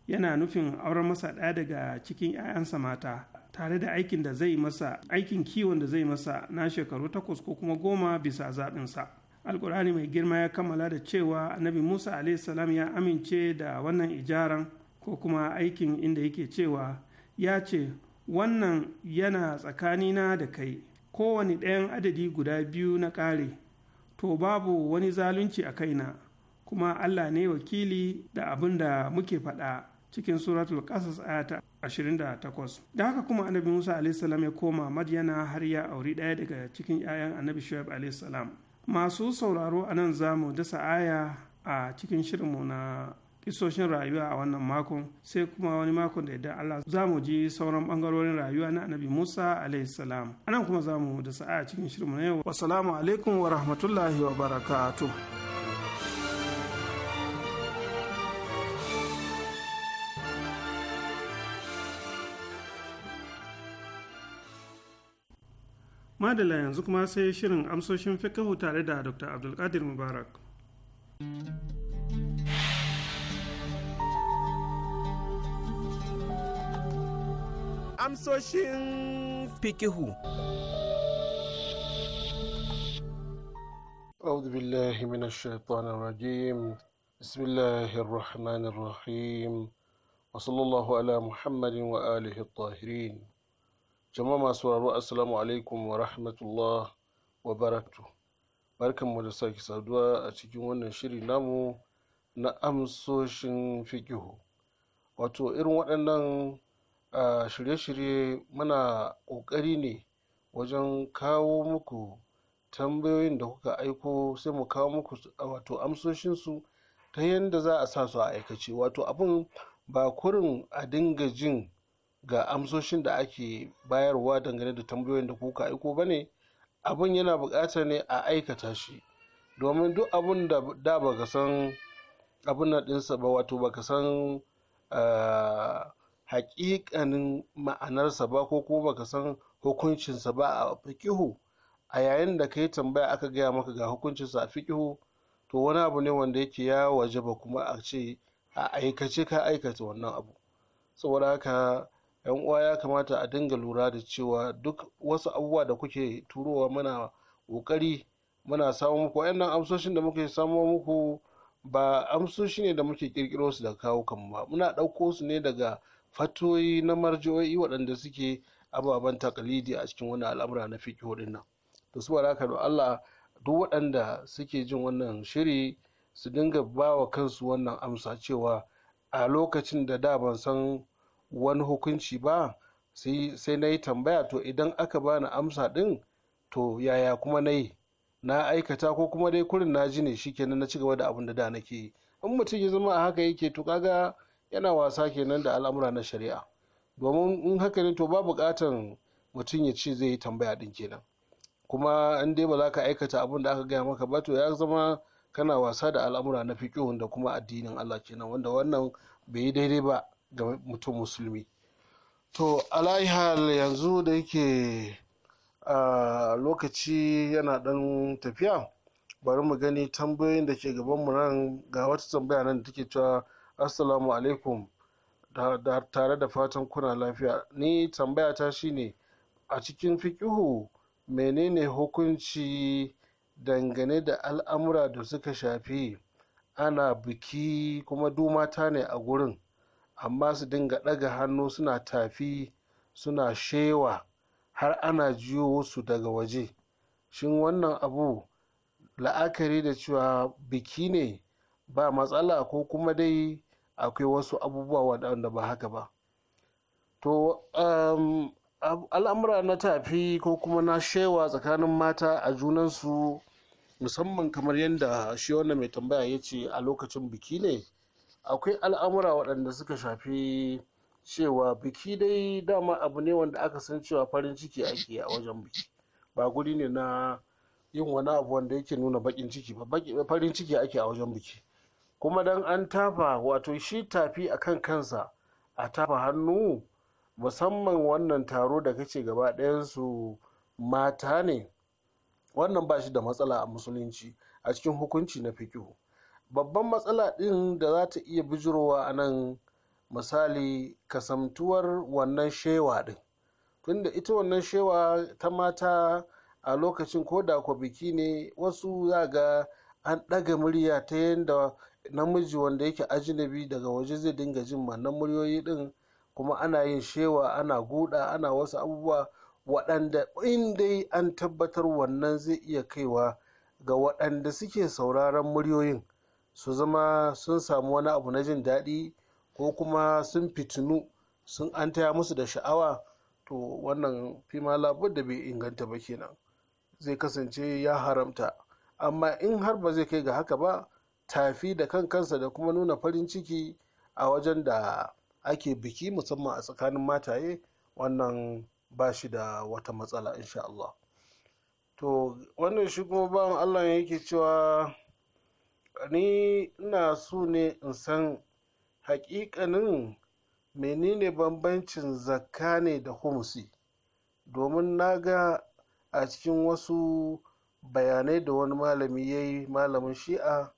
yana nufin auren masa ɗaya daga cikin 'ya'yansa mata tare da aikin da zai masa aikin kiwon da zai masa na shekaru takwas ko kuma goma bisa zaɓinsa alkur'ani mai girma ya kammala da cewa annabi musa alaihissalam ya amince da wannan ijaran ko kuma aikin inda yake cewa ya ce wannan yana tsakanina da kai kowane ɗayan adadi guda biyu na ƙare to babu wani zalunci a kaina kuma Allah ne wakili da abin da muke faɗa cikin suratul kasas ayata 28 da haka kuma annabi Musa alaihissalam ya koma Madyana har ya auri ɗaya daga cikin 'ya'yan annabi Shu'aib alaihissalam masu sauraro a nan za mu dasa aya a cikin shirinmu na kisoshin rayuwa a wannan makon sai kuma wani makon da idan Allah za mu ji sauran bangarorin rayuwa na annabi Musa salam anan kuma za mu da sa'a cikin shirin na yau assalamu alaikum wa rahmatullahi wa barakatuh madala yanzu kuma sai shirin amsoshin fikahu tare da dr abdulkadir mubarak amsoshin fikihu. A'udhu billahi minash shaitanir rajim. Bismillahir rahmanir rahim. Wa sallallahu ala Muhammadin wa alihi tahirin Jama'a masu raro assalamu alaikum wa rahmatullah wa barakatuh. da sake saduwa a cikin wannan shiri namu na amsoshin fikihu. Wato irin waɗannan shirye-shirye muna ƙoƙari ne wajen kawo muku tambayoyin da kuka aiko sai mu kawo muku wato amsoshinsu ta yadda za a sa su a aikace wato abun ba kurin a dinga jin ga amsoshin da ake bayarwa dangane da tambayoyin da kuka aiko ba ne abin yana buƙatar ne a aikata shi domin duk abun da da baka san abin nan ɗinsa ba wato baka san ah, haƙiƙanin ma'anarsa ba ko kuma baka san hukuncinsa ba a fikihu a yayin da ka tambaya aka gaya maka ga hukuncinsa a fikihu to wani abu ne wanda yake ya waje ba kuma a ce a aikace ka aikata wannan abu saboda haka yan uwa ya kamata a dinga lura da cewa duk wasu abubuwa da kuke turowa mana ƙoƙari muna samu muku wayannan amsoshin da muke samo muku ba amsoshi ne da muke kirkiro su da kawo kan ba muna ɗauko su ne daga fatoyi na marjoyi waɗanda suke ababen takalidi a cikin wani al'amura na fiƙi hudun nan to su ka da Allah duk waɗanda suke jin wannan shiri su dinga ba wa kansu wannan amsa cewa a lokacin da da ban san wani hukunci ba sai na yi tambaya to idan aka bani amsa ɗin to yaya kuma na yi na aikata ko kuma dai kurin na ji ne shi kenan na ci gaba da abin da da nake yi in mutum ya zama a haka yake to kaga yana wasa kenan da al'amura na shari'a domin in haka ne to ba bukatan mutum ya ce zai yi tambaya din kenan kuma in dai ba za ka aikata abin da aka gaya maka ba to ya zama kana wasa da al'amura na fiƙihun da kuma addinin Allah kenan wanda wannan bai yi daidai ba ga mutum musulmi to alaihal yanzu da yake a lokaci yana dan tafiya bari mu gani tambayoyin da ke gabanmu nan ga wata tambaya nan da take cewa assalamu alaikum tare da fatan kuna lafiya ni tambaya ta shine a cikin fikihu menene hukunci dangane da al'amura da suka shafi ana biki kuma dumata ne a gurin amma su dinga ɗaga hannu suna tafi suna shewa har ana jiyo su daga waje shin wannan abu la'akari da cewa biki ne ba matsala ko kuma dai akwai wasu abubuwa waɗanda ba haka ba to um, al'amura na tafi ko kuma na shewa tsakanin mata a junansu musamman kamar yadda shi wannan mai tambaya ya ce a lokacin biki ne akwai al'amura waɗanda suka shafi cewa biki dai dama abu ne wanda aka san cewa farin ciki ake a wajen biki ba guri ne na yin wani abu wanda yake nuna baƙin ciki ba farin ciki ake a wajen biki kuma dan an tafa wato shi tafi akan kansa a tafa hannu musamman wannan taro da kace gaba ɗayansu mata ne wannan ba shi da matsala a musulunci a cikin hukunci na fikihu babban matsala ɗin da za ta iya bijirowa a nan misali kasamtuwar wannan shewa ɗin tunda ita wannan shewa ta mata a lokacin ko da biki ne wasu za ga an ɗaga murya ta yadda namiji wanda yake ajinabi daga waje zai dinga jin wannan muryoyi din kuma ana yin shewa ana guda ana wasu abubuwa waɗanda in dai an tabbatar wannan zai iya kaiwa ga waɗanda suke sauraron muryoyin su zama sun samu wani abu na jin daɗi ko kuma sun fitinu sun an taya musu da sha'awa to wannan fima labar da bai inganta ba kenan zai kasance ya haramta amma in har ba zai kai ga haka ba tafi da kan kansa da kuma nuna farin ciki a wajen da ake biki musamman a tsakanin mataye wannan ba shi da wata matsala insha Allah to wannan shi kuma mu Allah yake cewa ni ina so ne in san hakikanin menene bambancin zakka ne da humusi domin na ga a cikin wasu bayanai da wani malami ya malamin shi'a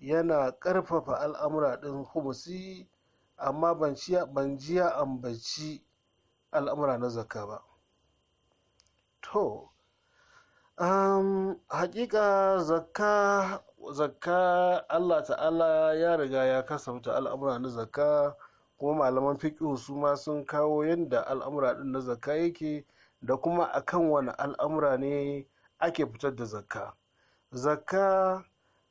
yana ƙarfafa al'amura ɗin humusi amma ban ji ambaci al'amura na zakka ba to um, hakika zakka zakka allah ta'ala ya riga ya kasauta al'amura na zakka kuma malaman fiƙihu su ma sun kawo yadda al'amura ɗin na zakka yake da kuma akan wani al'amura ne ake fitar da zakka zakka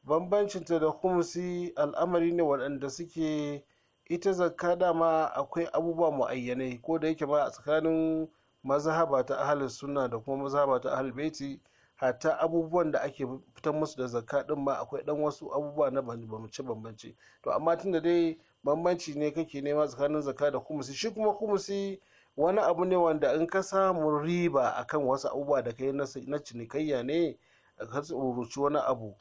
bambancinta da humusi al'amari ne waɗanda suke ita zakka dama akwai abubuwa mu'ayyanai ko da yake ba a tsakanin mazhaba ta ahalin sunna da kuma mazhaba ta ahalin baiti hatta abubuwan da ake fitar musu da zakka din ma akwai dan wasu abubuwa na bambance bambance to amma tunda dai bambanci ne kake nema tsakanin zakka da kumusi shi kuma kumusi wani abu ne wanda in ka samu riba akan wasu abubuwa da kai na cinikayya ne ka tsoruci wani abu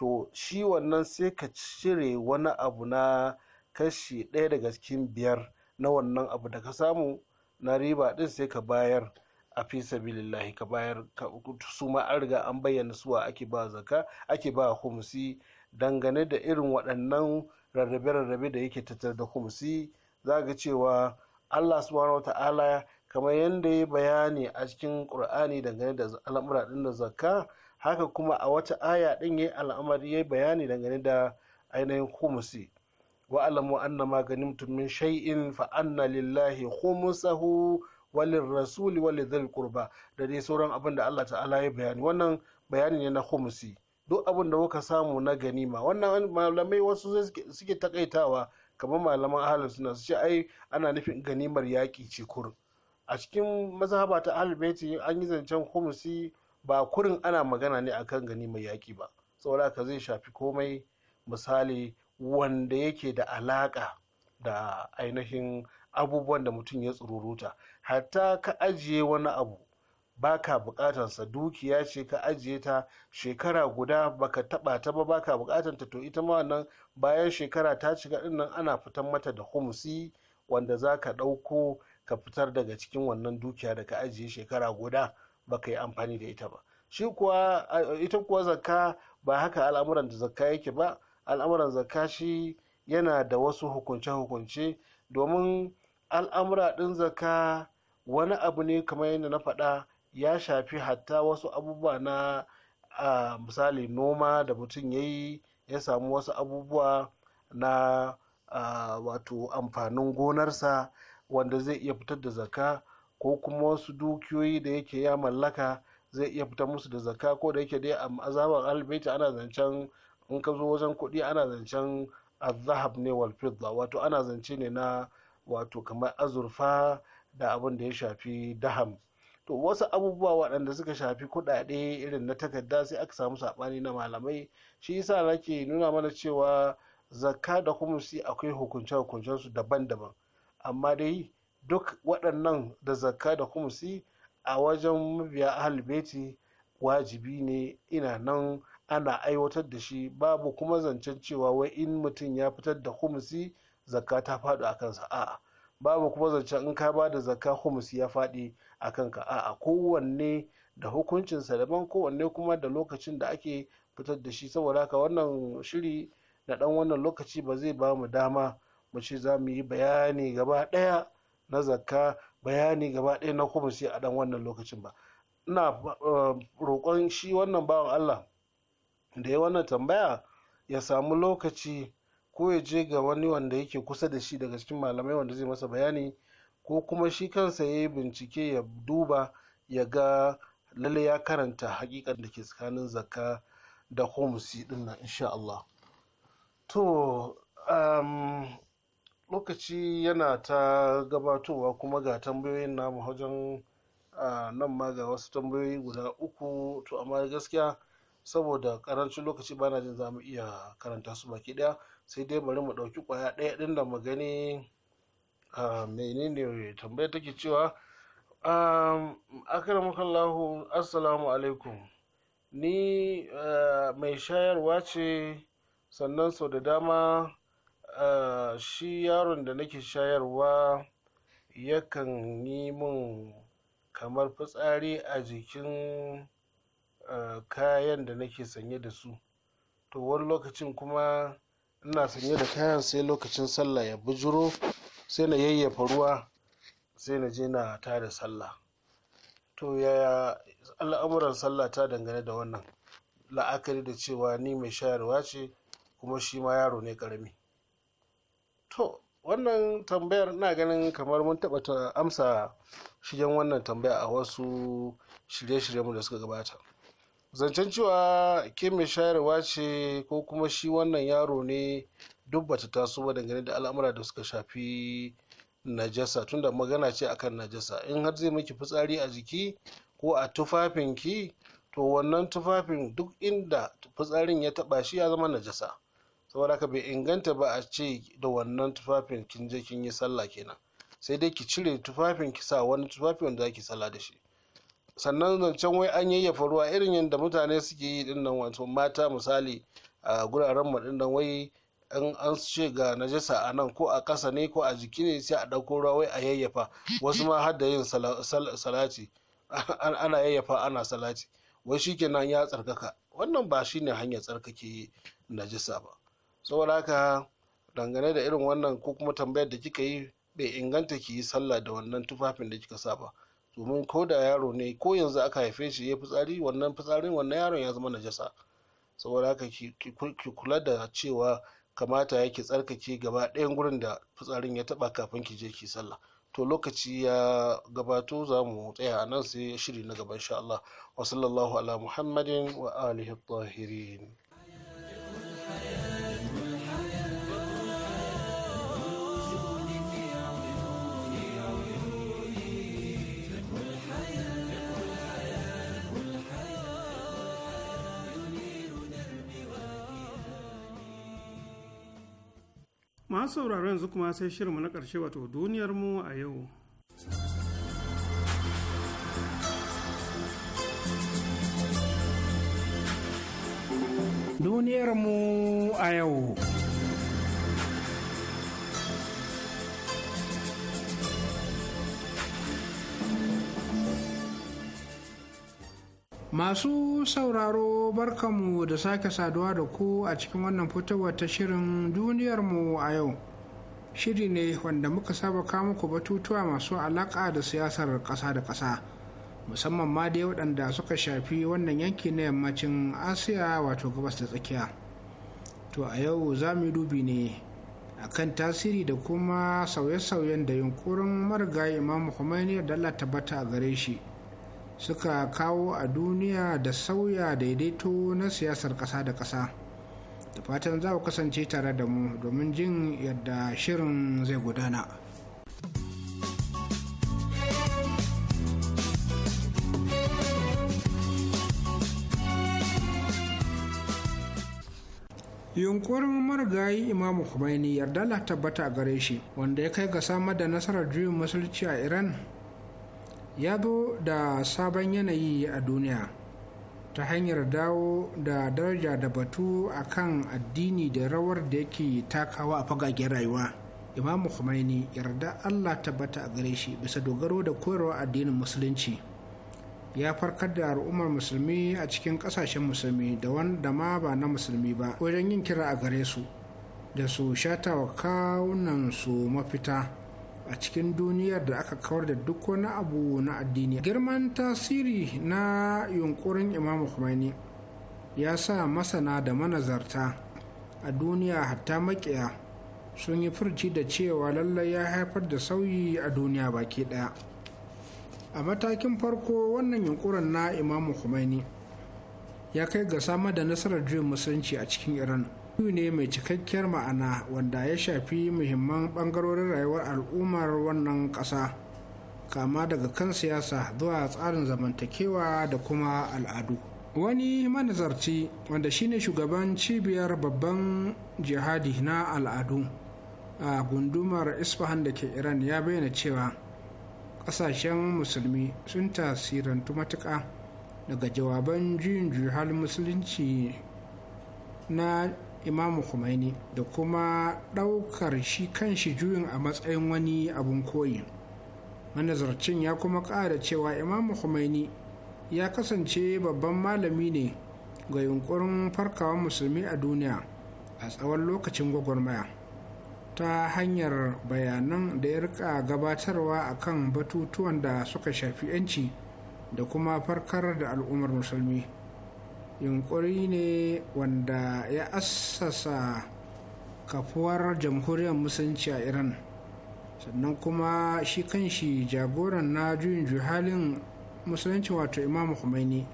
to shi wannan sai ka cire wani abu na kashi ɗaya daga cikin biyar na wannan abu da ka samu na riba ɗin sai ka bayar a fi sabilillahi ka bayar su ma an riga an bayyana suwa ake ba zaka ake ba kumsi, dangane da irin waɗannan rarrabe-rarrabe da yake tattar da kumsi za ga cewa allah subhanahu wa ta'ala kamar yadda ya bayani a cikin ƙur'ani dangane da al'amura ɗin da zakka haka kuma a wata aya din yayi al'amari yayi bayani dangane da ainihin khumusi wa alamu anna ma ganimtum min shay'in fa anna lillahi khumsahu walin rasuli walin zil kurba da dai sauran abin da Allah ta'ala ya bayani wannan bayani ne na humusi duk abin da kuka samu na ganima wannan malamai wasu suke takaitawa kamar malaman ahalin suna su ce ai ana nufin ganimar yaƙi cikur a cikin mazhaba ta ahlul an yi zancen khumsi ba kurin ana magana ne a kan gani mai yaƙi ba saboda ka zai shafi komai misali wanda yake da alaƙa da ainihin abubuwan da mutum ya tsururuta hatta ka ajiye wani abu baka bukatansa dukiya ce ka ajiye ta shekara guda baka taba ta ba baka bukatanta to ita ma wannan bayan shekara ta shiga din nan ana fitan mata da humsi wanda za ka ɗauko ka fitar daga cikin wannan dukiya da ka ajiye shekara guda baka yi amfani da ita ba shi kuwa eh, ita kuwa zakka ba haka al'amuran da zakka yake ba al'amuran zakka shi yana da wasu hukunce-hukunce domin al'amura ɗin zakka wani abu ne kamar yadda na faɗa ya shafi hatta wasu abubuwa na a misali noma da mutum ya yi ya samu wasu abubuwa na wato amfanin gonarsa wanda zai iya fitar da zakka ko kuma wasu dukiyoyi da yake ya mallaka zai iya fita musu da zakka ko da yake dai a azabar albaita ana zancen in ka zo wajen kuɗi ana zancen azahab ne wal wato ana zance ne na wato kamar azurfa da abin da ya shafi daham to wasu abubuwa waɗanda suka shafi kuɗaɗe irin na takarda sai aka samu saɓani na malamai shi yasa nake nuna mana cewa zakka da kuma akwai hukunce hukuncensu daban-daban amma dai duk waɗannan da zakka da kumusi a wajen mabiya ahalbeti wajibi ne ina nan ana aiwatar da shi babu kuma zancen cewa wai in mutum ya fitar da kumusi zakka ta faɗo a kansa a'a babu kuma zancen in ka ba da zakka kumusi ya faɗi a kanka a'a kowanne da hukuncinsa daban kowanne kuma da lokacin da ake fitar da shi saboda haka wannan shiri na ɗan wannan lokaci ba zai ba mu dama mu ce za mu yi bayani gaba ɗaya na zakka bayani gaba ɗaya na kumusi a ɗan wannan lokacin ba ina eh, roƙon shi wannan bawan allah da ya wannan tambaya ya samu lokaci ko ya je ga wani wanda yake kusa da shi daga cikin malamai wanda zai masa bayani ko kuma shi kansa ya yi bincike ya duba ya ga lalle ya karanta hakikan da ke tsakanin zakka da homusi din nan insha Allah to um, lokaci yana ta gabatowa kuma ga tambayoyin namu wajen nan ma ga wasu tambayoyi guda uku to amma gaskiya saboda karancin lokaci bana jin za mu iya karanta su baki daya sai dai bari mu ɗauki kwaya ɗaya ɗin da mu gani menene tambaya take cewa allahu assalamu alaikum ni mai shayarwa ce sannan sau da dama shi yaron da nake shayarwa yakan yi min kamar fitsari a jikin kayan da nake sanye da su to wani lokacin kuma ina sanye da kayan sai lokacin sallah ya bujuro sai na yayyafa ruwa sai na je na da sallah to yaya al'amuran sallah ta dangane da wannan la'akari da cewa ni mai shayarwa ce kuma shi ma yaro ne ƙarami. To, wannan tambayar na ganin kamar mun taɓa ta amsa shigen wannan tambaya a wasu shirye-shiryenmu da suka gabata. Zancen cewa ke mai shayarwa ce ko kuma shi wannan yaro ne duk bata taso ba dangane da al'amura da suka shafi najasa tunda magana ce akan najasa in har zai miki fitsari a jiki ko a tufafinki to wannan tufafin duk inda fitsarin ya taba shi ya zama najasa saboda haka bai inganta ba a ce da wannan tufafin kin je kin yi sallah kenan sai dai ki cire tufafin ki sa wani tufafi wanda zaki sallah da shi sannan zancen wai an yayyafa ruwa irin yadda mutane suke yi din nan wato mata misali a guraren mu din nan wai an an ce ga najasa a nan ko a ƙasa ne ko a jiki ne sai a ɗauko ruwa wai a yayyafa wasu ma har da yin salati ana yayyafa ana salati wai shikenan ya tsarkaka wannan ba shine hanyar tsarkake najasa ba saboda haka dangane da irin wannan ko kuma tambayar da kika yi bai inganta ki yi sallah da wannan tufafin da kika sa ba domin ko da yaro ne ko yanzu aka haife shi ya fitsari wannan fitsarin wannan yaron ya zama najasa saboda haka ki kula da cewa kamata ya yake tsarkake gaba ɗayan gurin da fitsarin ya taba kafin ki je ki sallah to lokaci ya gabato za mu tsaya a nan sai shiri na gaba insha Allah wa sallallahu ala muhammadin wa alihi tahirin masu sauraron yanzu kuma sai shirinmu na ƙarshe wato duniyarmu a yau. Duniyarmu a yau. masu sauraro barkamu da sake saduwa da ku a cikin wannan fitowar ta shirin mu a yau shiri ne wanda muka saba kawo ku batutuwa masu alaƙa da siyasar ƙasa da ƙasa musamman ma dai waɗanda suka shafi wannan yanki na yammacin asiya wato gabas da tsakiya to a yau za mu dubi ne akan tasiri da kuma sauye-sauyen da yunkurin marigayi imam muhammadu da Allah tabbata a gare shi suka kawo a duniya da sauya daidaito na siyasar ƙasa da ƙasa da fatan za ku kasance tare da mu domin jin yadda shirin zai gudana yunkurin marigayi imamu Khomeini yarda la tabbata gare shi wanda ya kai ga samar da nasarar juyin musulci a iran ya zo da sabon yanayi a duniya ta hanyar dawo da daraja da batu a kan addini da rawar da yake takawa a fagagen rayuwa imamu Khomeini yarda allah tabbata a gare shi bisa dogaro da koyarwa addinin musulunci ya farkar da al'ummar musulmi a cikin kasashen musulmi da wanda ma ba na musulmi ba wajen yin kira a gare su da su shata wa kawunan su mafita a cikin duniyar da aka kawar da duk wani abu na addini girman tasiri na yunkurin imamu khomeini ya sa masana da manazarta a duniya hatta makiya sun yi furci da cewa lallai ya haifar da sauyi a duniya baki daya a matakin farko wannan yunkurin na imamu khomeini ya kai ga sama da nasarar juyin musulunci a cikin iran maudu'i ne mai cikakkiyar ma'ana wanda ya shafi muhimman bangarorin rayuwar al'ummar wannan ƙasa kama daga kan siyasa zuwa tsarin zamantakewa da kuma al'adu wani manazarci wanda shine shugaban cibiyar babban jihadi na al'adu a gundumar isfahan da ke iran ya bayyana cewa ƙasashen musulmi sun tasirantu matuka daga jawaban juyin juhal musulunci na imamu Khomeini da kuma ɗaukar shi kan shi juyin a matsayin wani abun koyi manazarcin ya kuma ƙara cewa imamu Khomeini ya kasance babban malami ne ga yunkurin farkawa musulmi a duniya a tsawon lokacin gwagwarmaya ta hanyar bayanan da ya rika gabatarwa a kan batutuwan da suka shafi 'yanci da kuma farkar da al'ummar musulmi yunkuri ne wanda ya assasa kafuwar jamhuriyar musulunci a iran sannan kuma shi kanshi jagoran na juyin juhalin musulunci wato imam khomeini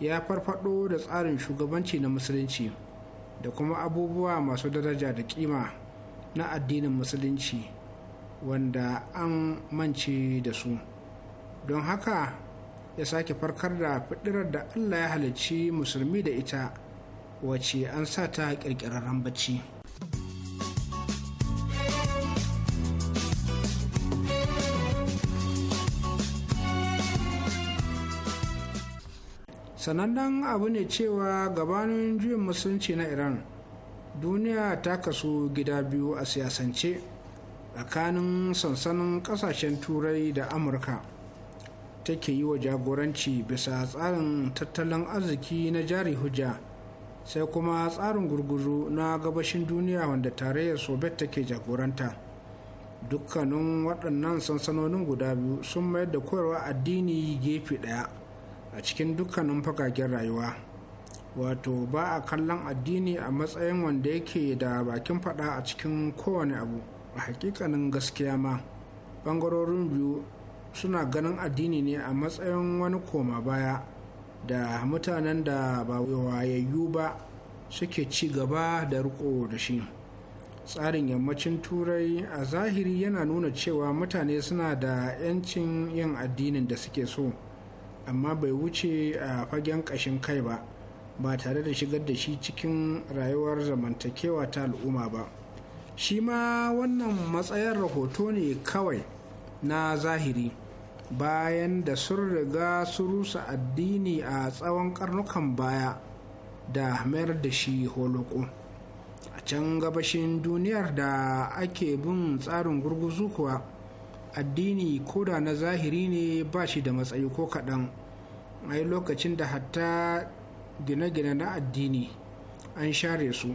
ya farfado da tsarin shugabanci na musulunci da kuma abubuwa masu daraja da kima na addinin musulunci wanda an mance da su don haka ya sake farkar da fidirar da allah ya halicci musulmi da ita wace an sa ta kirkirarren bacci sanannen abu ne cewa gabanin juyin musulunci na iran duniya ta kasu gida biyu a siyasance tsakanin sansanin kasashen turai da amurka take yi wa jagoranci bisa tsarin tattalin arziki na jari hujja sai kuma tsarin gurguzu na gabashin duniya wanda tarayyar soviet take jagoranta dukkanin waɗannan sansanonin guda biyu sun mayar da koyarwa addini gefe ɗaya a cikin dukkanin fagagen rayuwa wato ba a kallon addini a matsayin wanda yake da bakin faɗa a cikin kowane abu a hakikanin gaskiya ma ɓangarorin biyu suna ganin addini ne a matsayin wani koma baya da mutanen da ba wayayyu ba suke ci gaba da riko da shi tsarin yammacin turai a zahiri yana nuna cewa mutane suna da 'yancin yin addinin da suke so amma bai wuce a fagen ƙashin kai ba ba tare da shigar da shi cikin rayuwar zamantakewa ta al'umma ba shi ma wannan matsayar rahoto ne kawai na zahiri bayan da sun riga su rusa addini a tsawon karnukan baya da mayar da shi holoko a can gabashin duniyar da ake bin tsarin gurguzu kuwa addini koda na zahiri ne ba shi da matsayi ko kaɗan a lokacin da hatta gine-gine na addini an share su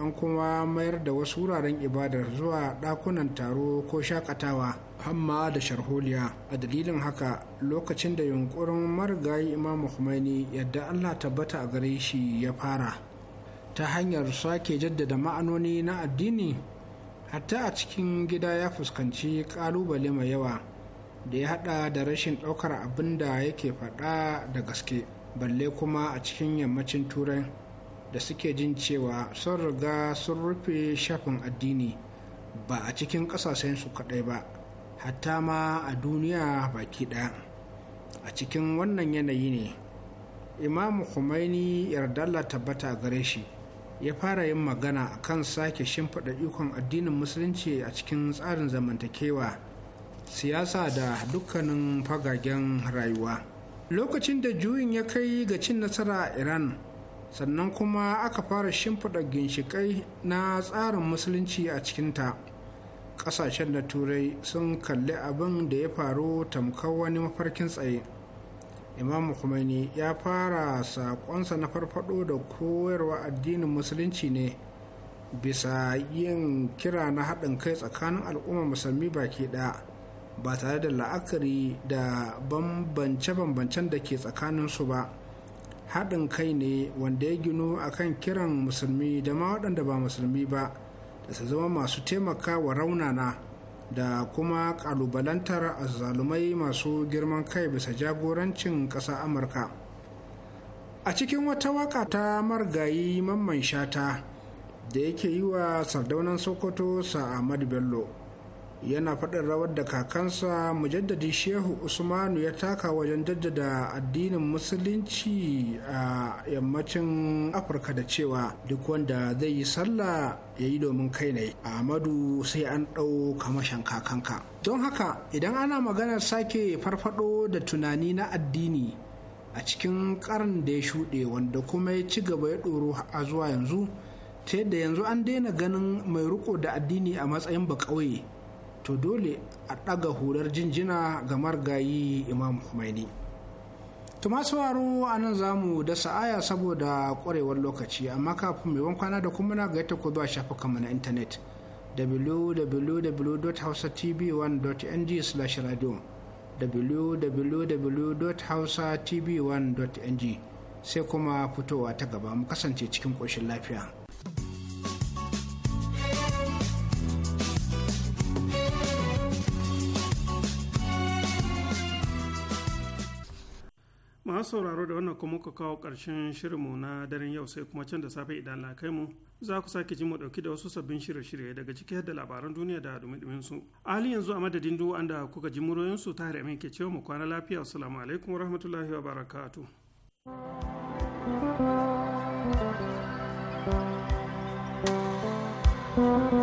an kuma mayar da wasu wuraren ibadar zuwa dakunan taro ko shakatawa hamma da sharholiya a dalilin haka lokacin da yunkurin marigayi imam Khomeini yadda allah tabbata a gare shi ya fara ta hanyar sake jaddada ma'anoni na addini hatta a cikin gida ya fuskanci ƙalubale mai yawa da ya hada da rashin ɗaukar abin da yake faɗa da gaske balle kuma a cikin yammacin turai da suke jin cewa sun riga sun rufe shafin addini ba a cikin su kaɗai ba hatta ma a duniya baki ɗaya a cikin wannan yanayi ne imamu Khomeini yardalla tabbata gare shi ya fara yin magana a kan sake shimfiɗa ikon addinin musulunci a cikin tsarin zamantakewa siyasa da dukkanin fagagen rayuwa lokacin da juyin ya kai ga cin nasara a iran sannan kuma aka fara shimfiɗa ginshiƙai na tsarin musulunci a cikinta ƙasashen da turai sun kalli abin da ya faru tamkar wani mafarkin tsaye imam Khomeini ya fara saƙonsa na farfaɗo da koyarwa addinin musulunci ne bisa yin kira na haɗin kai tsakanin al'umma musulmi baki ɗaya ba tare da la'akari da bambance-bambancen da ke tsakaninsu ba haɗin kai ne wanda ya gino a kan kiran musulmi da ma waɗanda ba musulmi ba da su zama masu taimaka wa raunana da kuma ƙalubalantar azalumai masu girman kai bisa jagorancin ƙasa amurka a cikin wata waka ta margayi mamman shata da yake yi wa sardaunan sokoto sa'amadu bello yana faɗin rawar da kakansa mujaddadi shehu usmanu ya taka wajen jaddada addinin musulunci a yammacin afirka da cewa duk wanda zai yi sallah ya yi domin kai ne amadu sai an ɗau kamashin kakanka don haka idan ana maganar sake farfaɗo da tunani na addini a cikin ƙarin da ya shuɗe wanda kuma ya ci gaba ya ɗoro a zuwa yanzu ta yadda yanzu an daina ganin mai riko da addini a matsayin ba to dole a ɗaga hular jinjina ga margayi imam Khomeini. to masu waro a nan za mu dasa aya saboda ƙwarewar lokaci amma kafin mai kwana da kuma na gaita ku zuwa shafukanmu na intanet www.hausatv1.ng/radio www.hausatv1.ng sai kuma fitowa ta gaba mu kasance cikin ƙoshin lafiya. masu sauraro da wannan kuma kawo ƙarshen mu na daren yau sai kuma can da safe idan na kai mu za ku sake ji mu ɗauki da wasu sabbin shirye-shirye daga ciki da labaran duniya da dumi su a halin yanzu a madadin duk wanda kuka ji muryoyin su ta hare ke cewa mu kwana lafiya assalamu alaikum warahmatullahi wabarakatuh thank you